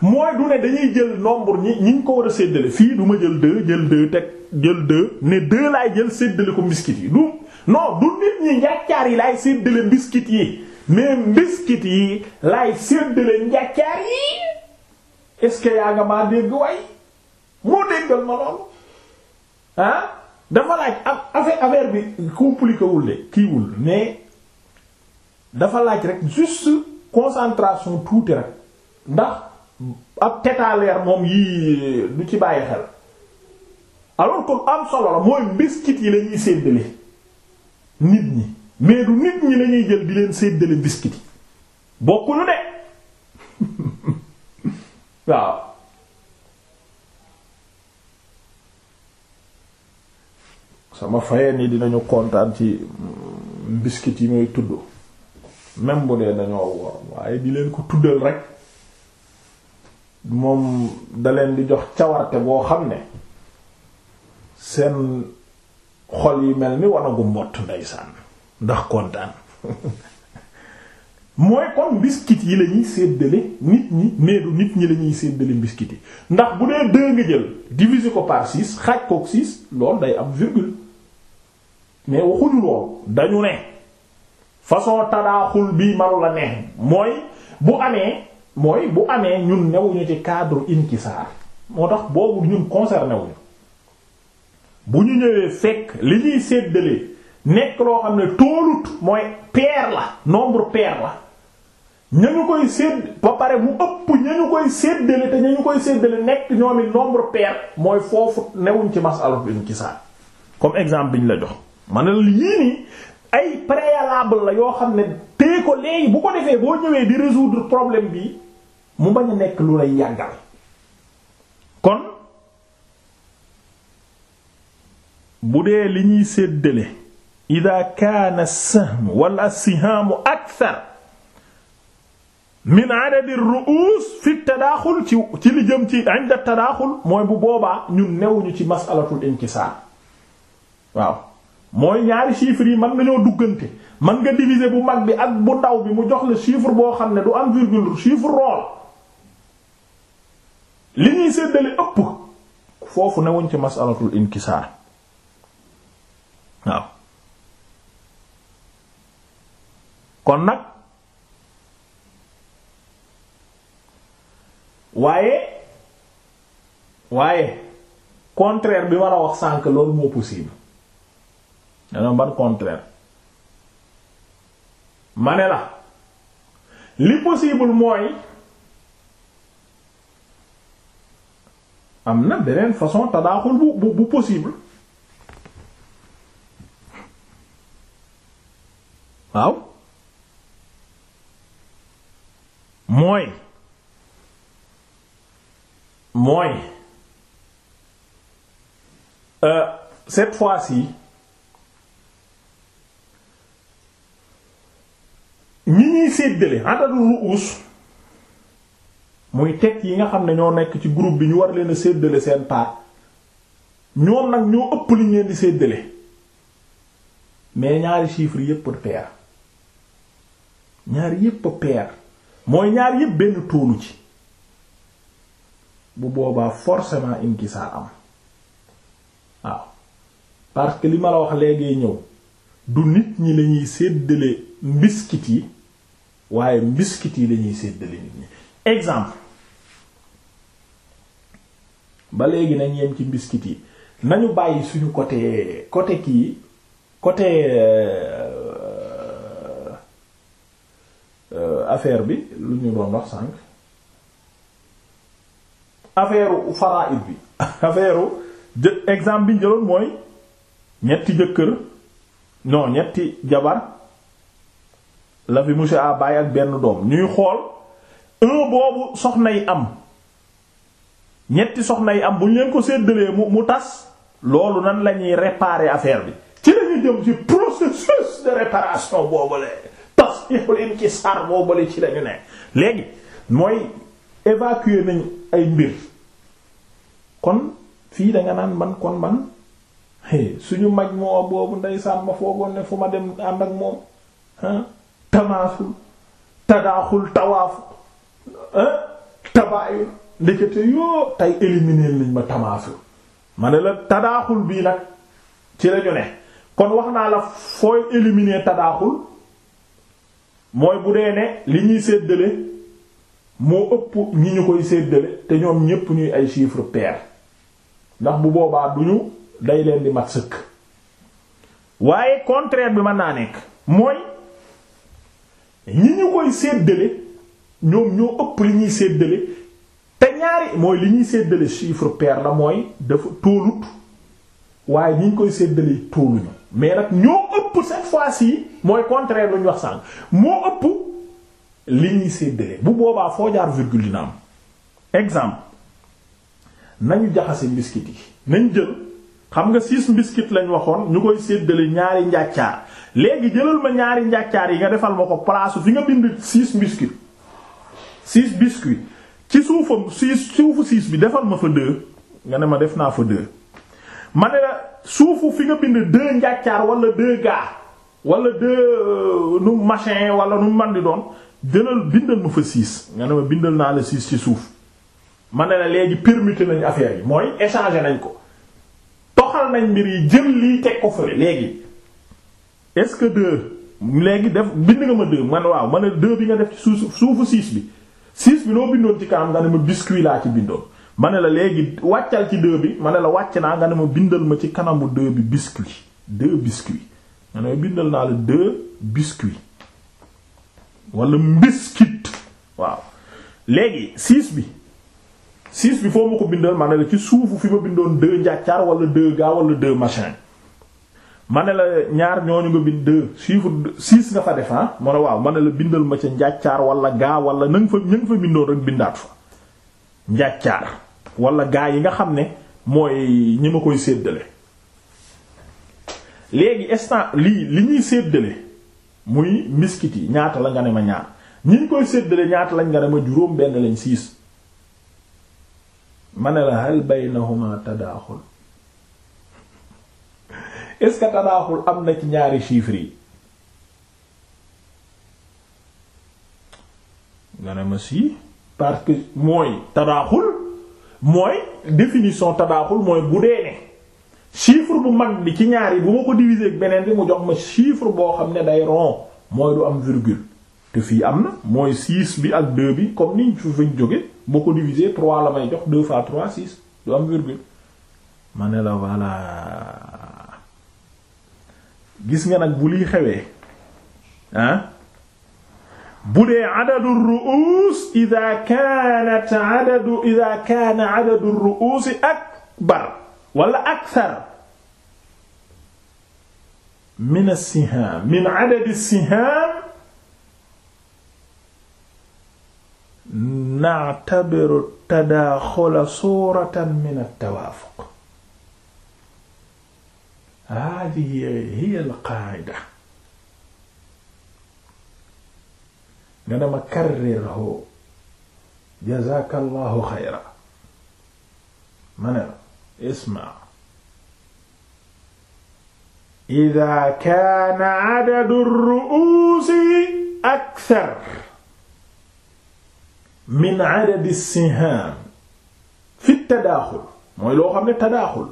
mooy du ne dañuy jël nombre ñi ñi ñu ko war a séddale fii du ma jël deux jël deux teg. jël deux ne deux laay jël séddale ko mbiskit yi du non du nit ñi njàccaar yi laay séddale mbiskit yi mais biscuit yi laay séddale njàccaar yi est-ce que yaa nga maa dégg waay moo déggal ma loolu ah dafa laaj affaire affaire bi compliqué wul de kiiwul mais dafa laaj rek juste concentration tuuti rek ndax ab tétaleer moom yii du ci bàyyi xel alors comme am solo la mooy biscuit yi la ñuy séddale nit ñi mais du nit ñi la ñuy jël di leen séddale biscuit yi bokkuñu de waaw sama fayeen yi dinañu kontaan ci biscuit yi mooy tudd même bu dañoo wor waaye di leen ko tuddal rek moom da di jox cawarte boo xam ne seen xol yi mel ni wanagu mbott ndeysaan ndax kontaan mooy kon mbiskit yi lañuy ñuy séddale nit ñi mais du nit ñi la ñuy séddale mbiskit yi ndax bu dee deux nga jël diviser ko par six xaaj kook six loolu day am virgule mais waxuñu dañu ne façon tadaaxul bi manu la ne mooy bu amee mooy bu amee ñun newuñu ci cadre inkisaar moo tax boobu ñun concerné wuñu bu ñu ñëwee fekk li ñuy séddale nekk loo xam ne toolut mooy pair la nombre pair la ñu ñu koy sédd ba pare mu ëpp ña ñu koy séddale te ña ñu koy séddale nekk ñoom it nombre pair mooy foofu newuñ ci mas'alatul inkisar comme exemple bi ñu la jox ma ne yii nii ay préalable la yoo xam ne tee ko léegi bu ko defee boo ñëwee di résoudre problème bi mu bañ nekk lu lay yàggal bu dee li ñuy séddale ida kaana as-sahm wala as-sihaamu akthar min adad ar fi tadaaxul ci li jëm ci inda tadaaxul mooy bu boobaa ñun newuñu ci masalatul inkisaar waaw mooy ñaari chiffres yi mën nañoo duggante man nga diviser bu mag bi ak bu ndaw bi mu jox la chiffre boo xam ne du am virgule chiffre rool li ñuy séddale ëpp foofu newuñ ci masalatul inkisaar waaw kon nag waaye waaye contraire bi ma la wax sànk loolu moo possible danoon ban contraire ma ne la li possible mooy am na beneen façon tadaaxul bu bu possible waaw mooy mooy euh, cette fois-ci ñi ñuy séddale adadu ruus muy teg yi nga xam ne ñoo nekk ci groupe bi ñu war leen a séddale seen part ñoom nag ñoo ëpp li leen di séddale mais ñaari chiffres yépp pour ñaar yépp a peer mooy ñaar yépp benn tóolu ci bu boobaa forcément inkisaar am waaw parce que li ma la wax léegi ñëw du nit ñi lañuy séddale mbiskit yi waaye mbiskit yi lañuy séddale nit ñi exemple ba léegi nañ yem ci mbiskit yi nañu bàyyi suñu côté côté kii côté euh, affaire bi lu ñu doon wax sànq affaire faraid bi affaire jë exemple bi ñu mooy ñetti jëkkër non ñetti jabar la fi monsieur a bàyyi ak benn doom ñuy xool un boobu soxna yi am ñetti soxna yi am bu ñu leen ko séddalee mu mu tas loolu nan la ñuy réparer affaire bi ci lañu jëm ci processus de réparation boobu lee tasihul inkisaar boobale ci lañu ne léegi mooy évacuer nañ ay mbir kon fii danga naan man kon man suñu maj moo boobu ndeysaan ma foogoon ne fu ma dem ànd ak moom tamaasul tadaaxul tawaafu tabaayul ndekete yoo tey éliminer nañ ma tamaasul ma ne la tadaaxul bii nag ci lañu ne kon wax naa la fooy éliminer tadaaxul mooy bu dee ne li ñuy séddale moo ëpp ñi ñu koy séddale te ñoom ñépp ñuy ay chiffre pair ndax bu boobaa duñu day leen di mat sëkk waaye contraire bi mën naa nekk mooy ñi ñu koy séddale ñoom ñoo ëpp li ñuy séddale te ñaari mooy li ñuy séddale chiffre pair la mooy dafa tóolut waaye ñi koy séddale tóoluñu mais nag ñoo ëpp cette fois-ci mooy contraire lu ñu wax sànq moo ëpp li ñuy séddale bu boobaa foo jaar virgule dina exemple nañu jaxase mbiskit yi nañ jël xam nga six mbiskit lañ waxoon ñu koy séddale ñaari njàccaar léegi jëlal ma ñaari njàccaar yi nga defal ma ko place fi nga bind six mbiskit six biscuit ci suufam six suufu six bi defal ma fa deux nga ne ma def naa fa deux ma suufu fi nga bind deux njàccaar wala deux gaa wala deux euh, nu machin wala nu man di doon jëlal bindal ma fa six nga ne ma bindal naa la six ci suuf ma ne la léegi permuter nañ affaire yi mooy échanger nañ ko toxal nañ mbir yi jël lii teg ko fële léegi est-ce que deux léegi def bind nga ma deux man waaw ma ne bi nga def ci suuf suufu six bi six bi noo bindoon ci kanam nga ne ma biscuit laa ci bindoon ma ne la léegi wàccal ci deux bi ma ne la wàcc naa nga ne ma bindal ma ci kanamu deux bi biscuit deux biscuit nga ne ma bindal naa la deux biscuit wala mbiskit waaw léegi six bi six bi foo ma ko bindal ma ne la ci suufu fi ma bindoon deux njàccaar wala deux gaa wala deux machin ma ne la ñaar ñooñu nga bind deux chiffre six nga fa def ah ma ne waaw ma la bindal ma ca njàccaar wala gaa wala na nga fa na fa bindoon rek bindaat fa njàccaar wala gaa yi nga xam ne mooy ñi ma koy séddale léegi instant lii li ñuy séddale muy mbiskit yi ñaata la nga ne ma ñaar ñaata lañ nga ne ma juróom benn lañ siis ma ne la hal baynahuma tadaaxul est-ce que tadaaxul am na ci ñaari chiffres yi nga ne ma sii parce que mooy tadaaxul mooy définition tadaaxul mooy bu dee ne chiffre bu mag bi ci ñaar yi bu ma ko diviser ak beneen bi mu jox ma chiffre boo xam ne day ron mooy du am virgule te fii am na mooy 6 bi ak 2 bi comme niñ fi fañ jóge boo ko diviser 3 la may jox 2 fois 3 6 du am virgule ma ne la voilà gis nga nag bu liy xewee bu dee adadu ru'uus idaa kaanat adadu idaa kaana adadu ru'uus akbar wala akthar min as-sihaam min adadi as-sihaam na'tabiru tadaaxula suuratan min at-tawaafuq haadihi hiya al-qaa'ida nga ne ma karrirhu jazakallahu xayra ma ne la isma ida kaana adadu ru'uusi akthar min adadi sihaam fi tadaaxul mooy loo xam ne tadaaxul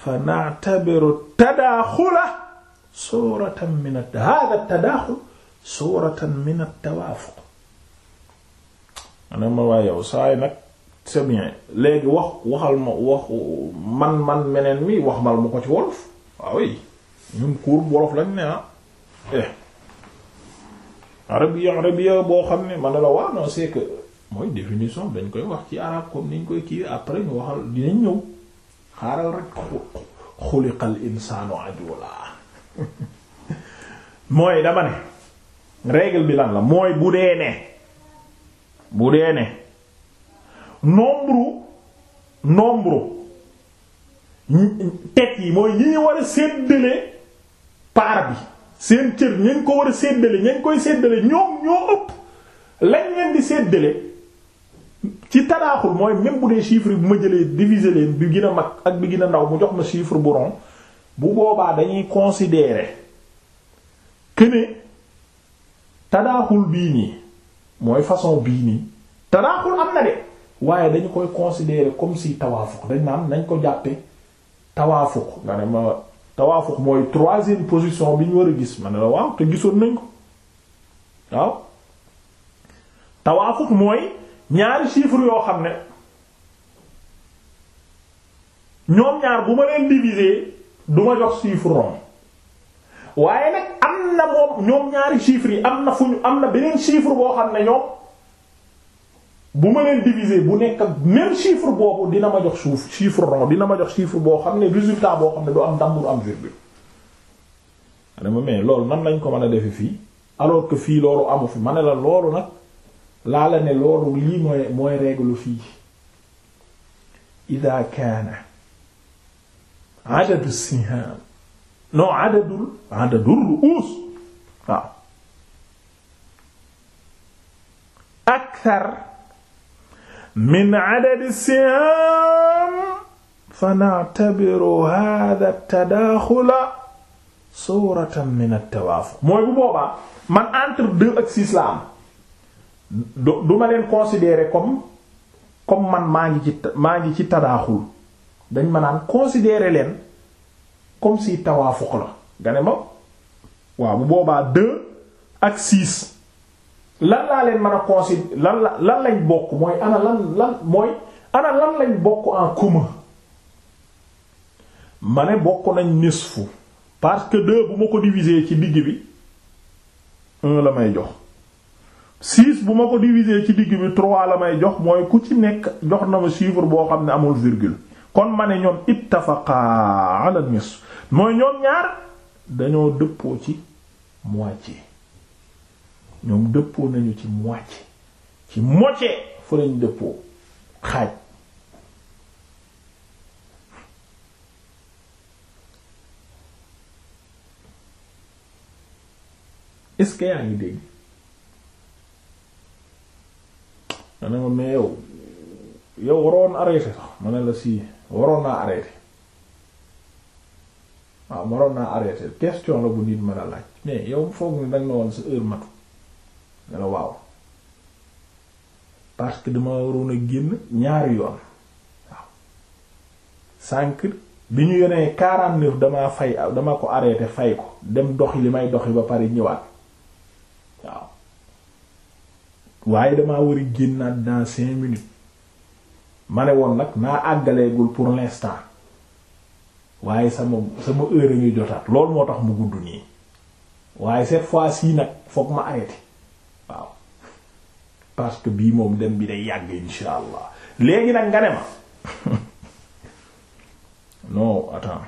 fa na'tabiru tadaaxula suuratan min haadha tadaaxul suuratan min at-tawaafuq ana ma waa yow nag c'est bien léegi wax waxal ma wax man man meneen mi wax mal ma ko ci wolof waaw ah yi ñun kuur wolof lañ ne ah eh arabiya arabiya boo xam ne man la waa non c'est que mooy définition dañ koy wax ci arabe comme niñ koy kii après ñu waxal dinañ ñëw xaaral rek xuliqal insaanu ajula mooy dama ne règle bi lan la mooy bu dee ne bu dee ne nombre nombre tet yi mooy ñi ñu war a séddale part bi seen cër ña ngi ko war a séddale ña ngi koy séddale ñoom ñoo ëpp lañ leen di seddale ci tadaaxul mooy même bu dee chiffre bu ma jëlee diviser leen bi gën a mag ak bi gën a ndaw mu jox ma chiffre bu rond bu boobaa dañuy considérer que tadaaxul bii nii mooy façon bii nii tadaaxul am na de waaye dañu koy considérer comme si tawaafuq dañ naan nañ ko jàppe tawaafuq nga ne ma tawaafuq mooy troisième position bi ñu war a gis ma ne la waaw te gisoon nañ ko waaw tawaafuq mooy ñaari chiffre yoo xam ne ñoom ñaar bu ma leen diviser du ma jox chiffre rond waaye nag am na moom ñoom ñaari chiffres yi am na fu ñu am na beneen chiffre boo xam ne ñoom bu ma leen diviser bu nekk même chiffre boobu dina ma jox suuf chiffre dina ma jox chiffre boo xam ne résultat boo xam ne du am ndam du am virgule. dama mais loolu nan lañ ko mën a defe fii alors que fii loolu amu fi la loolu nag laa la ne loolu lii mooy mooy règle fii ida kaana adadu siham non adadul adadul ruus waaw akthar min adadi siam fa na'tabiru hadha tadaaxula suratan min at-tawaafur mooy bu boobaa man entre deux ak la am du du ma leen considérer comme comme man maa ngi ci maa tadaaxul dañ ma naan considérer leen comme si tawaafuq la nga ne waaw bu boobaa deux ak six lan laa leen mën a considérer lan la lan lañ bokk mooy ana lan mooy ana lañ bokk en commun ma ne bokk nañ nisfu parce que deux bu ma ko diviser ci digg bi un la may jox six bu ma ko diviser ci digg bi trois la may jox mooy ku ci nekk jox na ma chiffre boo xam ne amul virgule kon ma ne ñoom ittafaqa ala nisf mooy ñoom ñaar dañoo dëppoo ci moitié ñoom dëppoo nañu ci moitié ci moitié fu lañ dëppoo xaaj est yaa ngi dégg ma ne ma mais yow waroon arrêté sax ma ne la si waroon naa arrêté Ah, waaw maroon naa arrêté question la bu nit mën a laaj mais yow foog ni danga ne woon sa heure matu ne waaw parce que dama waroon a génn ñaari yoon waaw sànq bi ñu yenee quarante neuf damaa fay dama ko arrêté fay ko dem doxi li may doxi ba pare ñëwaat waaw waaye damaa war a génnaat dans cinq minutes ma ne woon nag naa àggaleegul pour l'instant waaye sama sama heure ñuy jotaat loolu moo tax mu gudd nii waaye cette fois-ci nag foog ma arrêté waaw parce que bii moom dem bi day yàgg insha allah léegi nag nga ne ma non attends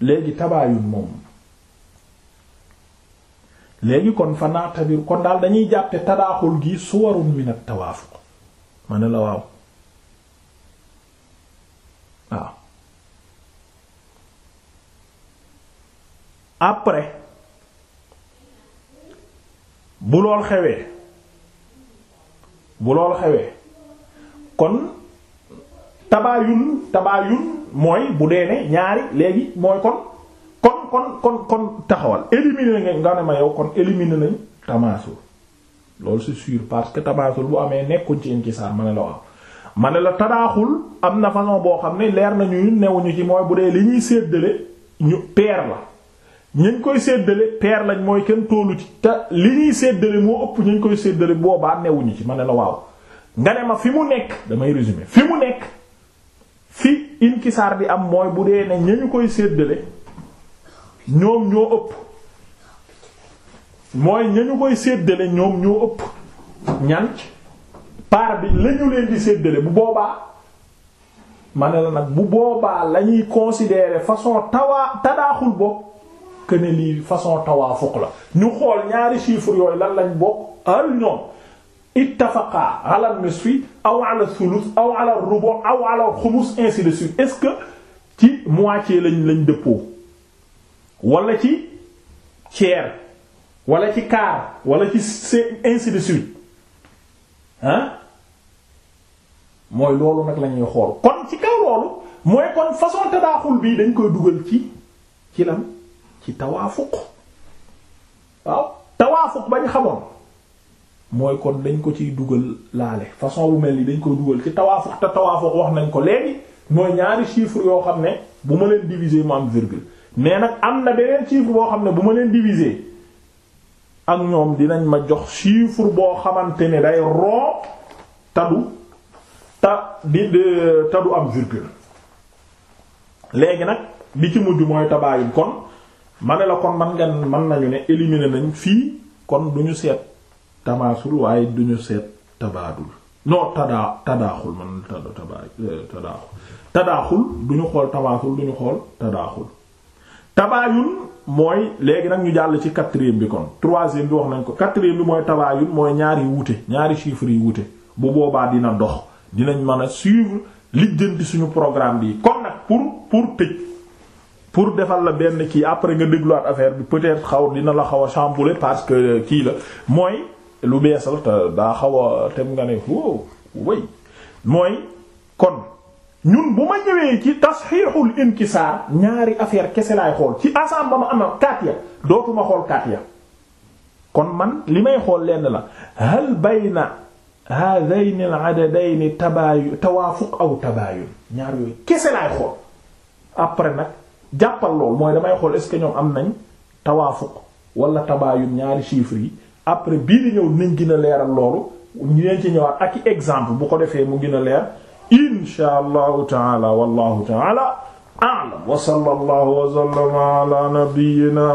léegi tabaayun moom léegi kon fa naatabir kon daal dañuy jàppe tadaaxul gi suwarun min at tawaafuq ma ne la waaw waaw après bu lool xewee bu lool xewee kon tabaayun tabaayun mooy bu dee ne ñaari léegi mooy kon kon kon kon kon taxawal éliminer nga nga ne ma yow kon éliminer nañ tamaasul loolu c'est sûr parce que tamaasul bu amee nekkuñ ci inkisaar ma ne la waaw ma ne la tadaaxul am na façon boo xam ne leer nañu newuñu ci mooy bu dee li ñuy séddale ñu peer la ñañ koy seddale peer lañ mooy kenn toolu ci te li ñuy séddale moo ëpp ñañ koy séddale boobaa newuñu ci ma ne la waaw nga ne ma fi mu nekk damay résumer fi mu nekk fi inkisaar bi am mooy bu dee ne ñañu koy séddale ñoom ñoo ëpp mooy ñañu koy séddale ñoom ñoo ëpp ñan par bi lañu leen di séddale bu boobaa ma ne la nag bu boobaa lañuy considérer façon tawaa tadaaxul bopp que ne lii façon tawaafuq la ñu xool ñaari chiffres yooyu lan lañ bokk al ñoom ittafaqa ala nisfi aw ala thuluth aw ala rubu aw ala xumus ainsi de suite est-ce que ci moitié lañ lañ dëppoo wala ci tiers wala ci quart wala ci ainsi de suite ah mooy loolu nag la ñuy xool kon ci kaw loolu mooy kon façon tadaaxul bii dañ koy dugal ci ci lam ci tawaafuq waaw tawaafuq bañ xamoon mooy kon dañ ko ciy dugal laale façon bu mel ni dañ koy dugal ci tawaafuq te tawaafuq wax nañ ko léegi mooy ñaari chiffre yoo xam ne bu ma leen diviser mu am virgule mais nag am na beneen chiffre boo xam ne bu leen diviser ak ñoom dinañ ma jox chiffre boo xamante ne day roo tadu ta di tadu am virgule léegi nag li ci mujj mooy tabaayun kon ma ne la kon man nga mën nañu ne éliminer nañ fii kon du ñu seet tamaasul waaye du ñu seet tabaadul non tadaa tadaaxul man tada euh, tadaaxul tadaaxul du ñu xool tamaasul du ñu xool tadaaxul tabaayun mooy léegi nag ñu jàll ci quatrième bi kon troisième bi wax nañ ko quatrième bi mooy tabaayun mooy ñaari wuute ñaari chiffres yi wuute bu boobaa dina dox dinañ mën a suivre lijjanti suñu programme bi kon nag pour pour tëj pour defal la benn kii après nga dégluwaat affaire bi peut-être xaw dina la xaw a chambouler parce que euh, kii la mooy lu bees te daa xaw a tem nga ne wow way mooy kon ñun bu ma ñëwee ci tasxiixul inkisaar ñaari affaire kese laay xool ci ensemble ba ma am na kaat ya dootuma xool kaat ya kon man li may xool lenn la hal bayna hadayn al adadayn tabaayun tawaafuq aw tabaayun ñaar yooyu kese laay xool après nag jàppal lool mooy damay xool est-ce que ñoom am nañ tawaafuq wala tabaayun ñaari chiffres après bii di ñëw nañ gën leeral loolu ñu leen ci ñëwaat ak i exemple bu ko defee mu gën a leer insha allahu taala wallahu taala a'lam wa wa sallama ala nabiyyina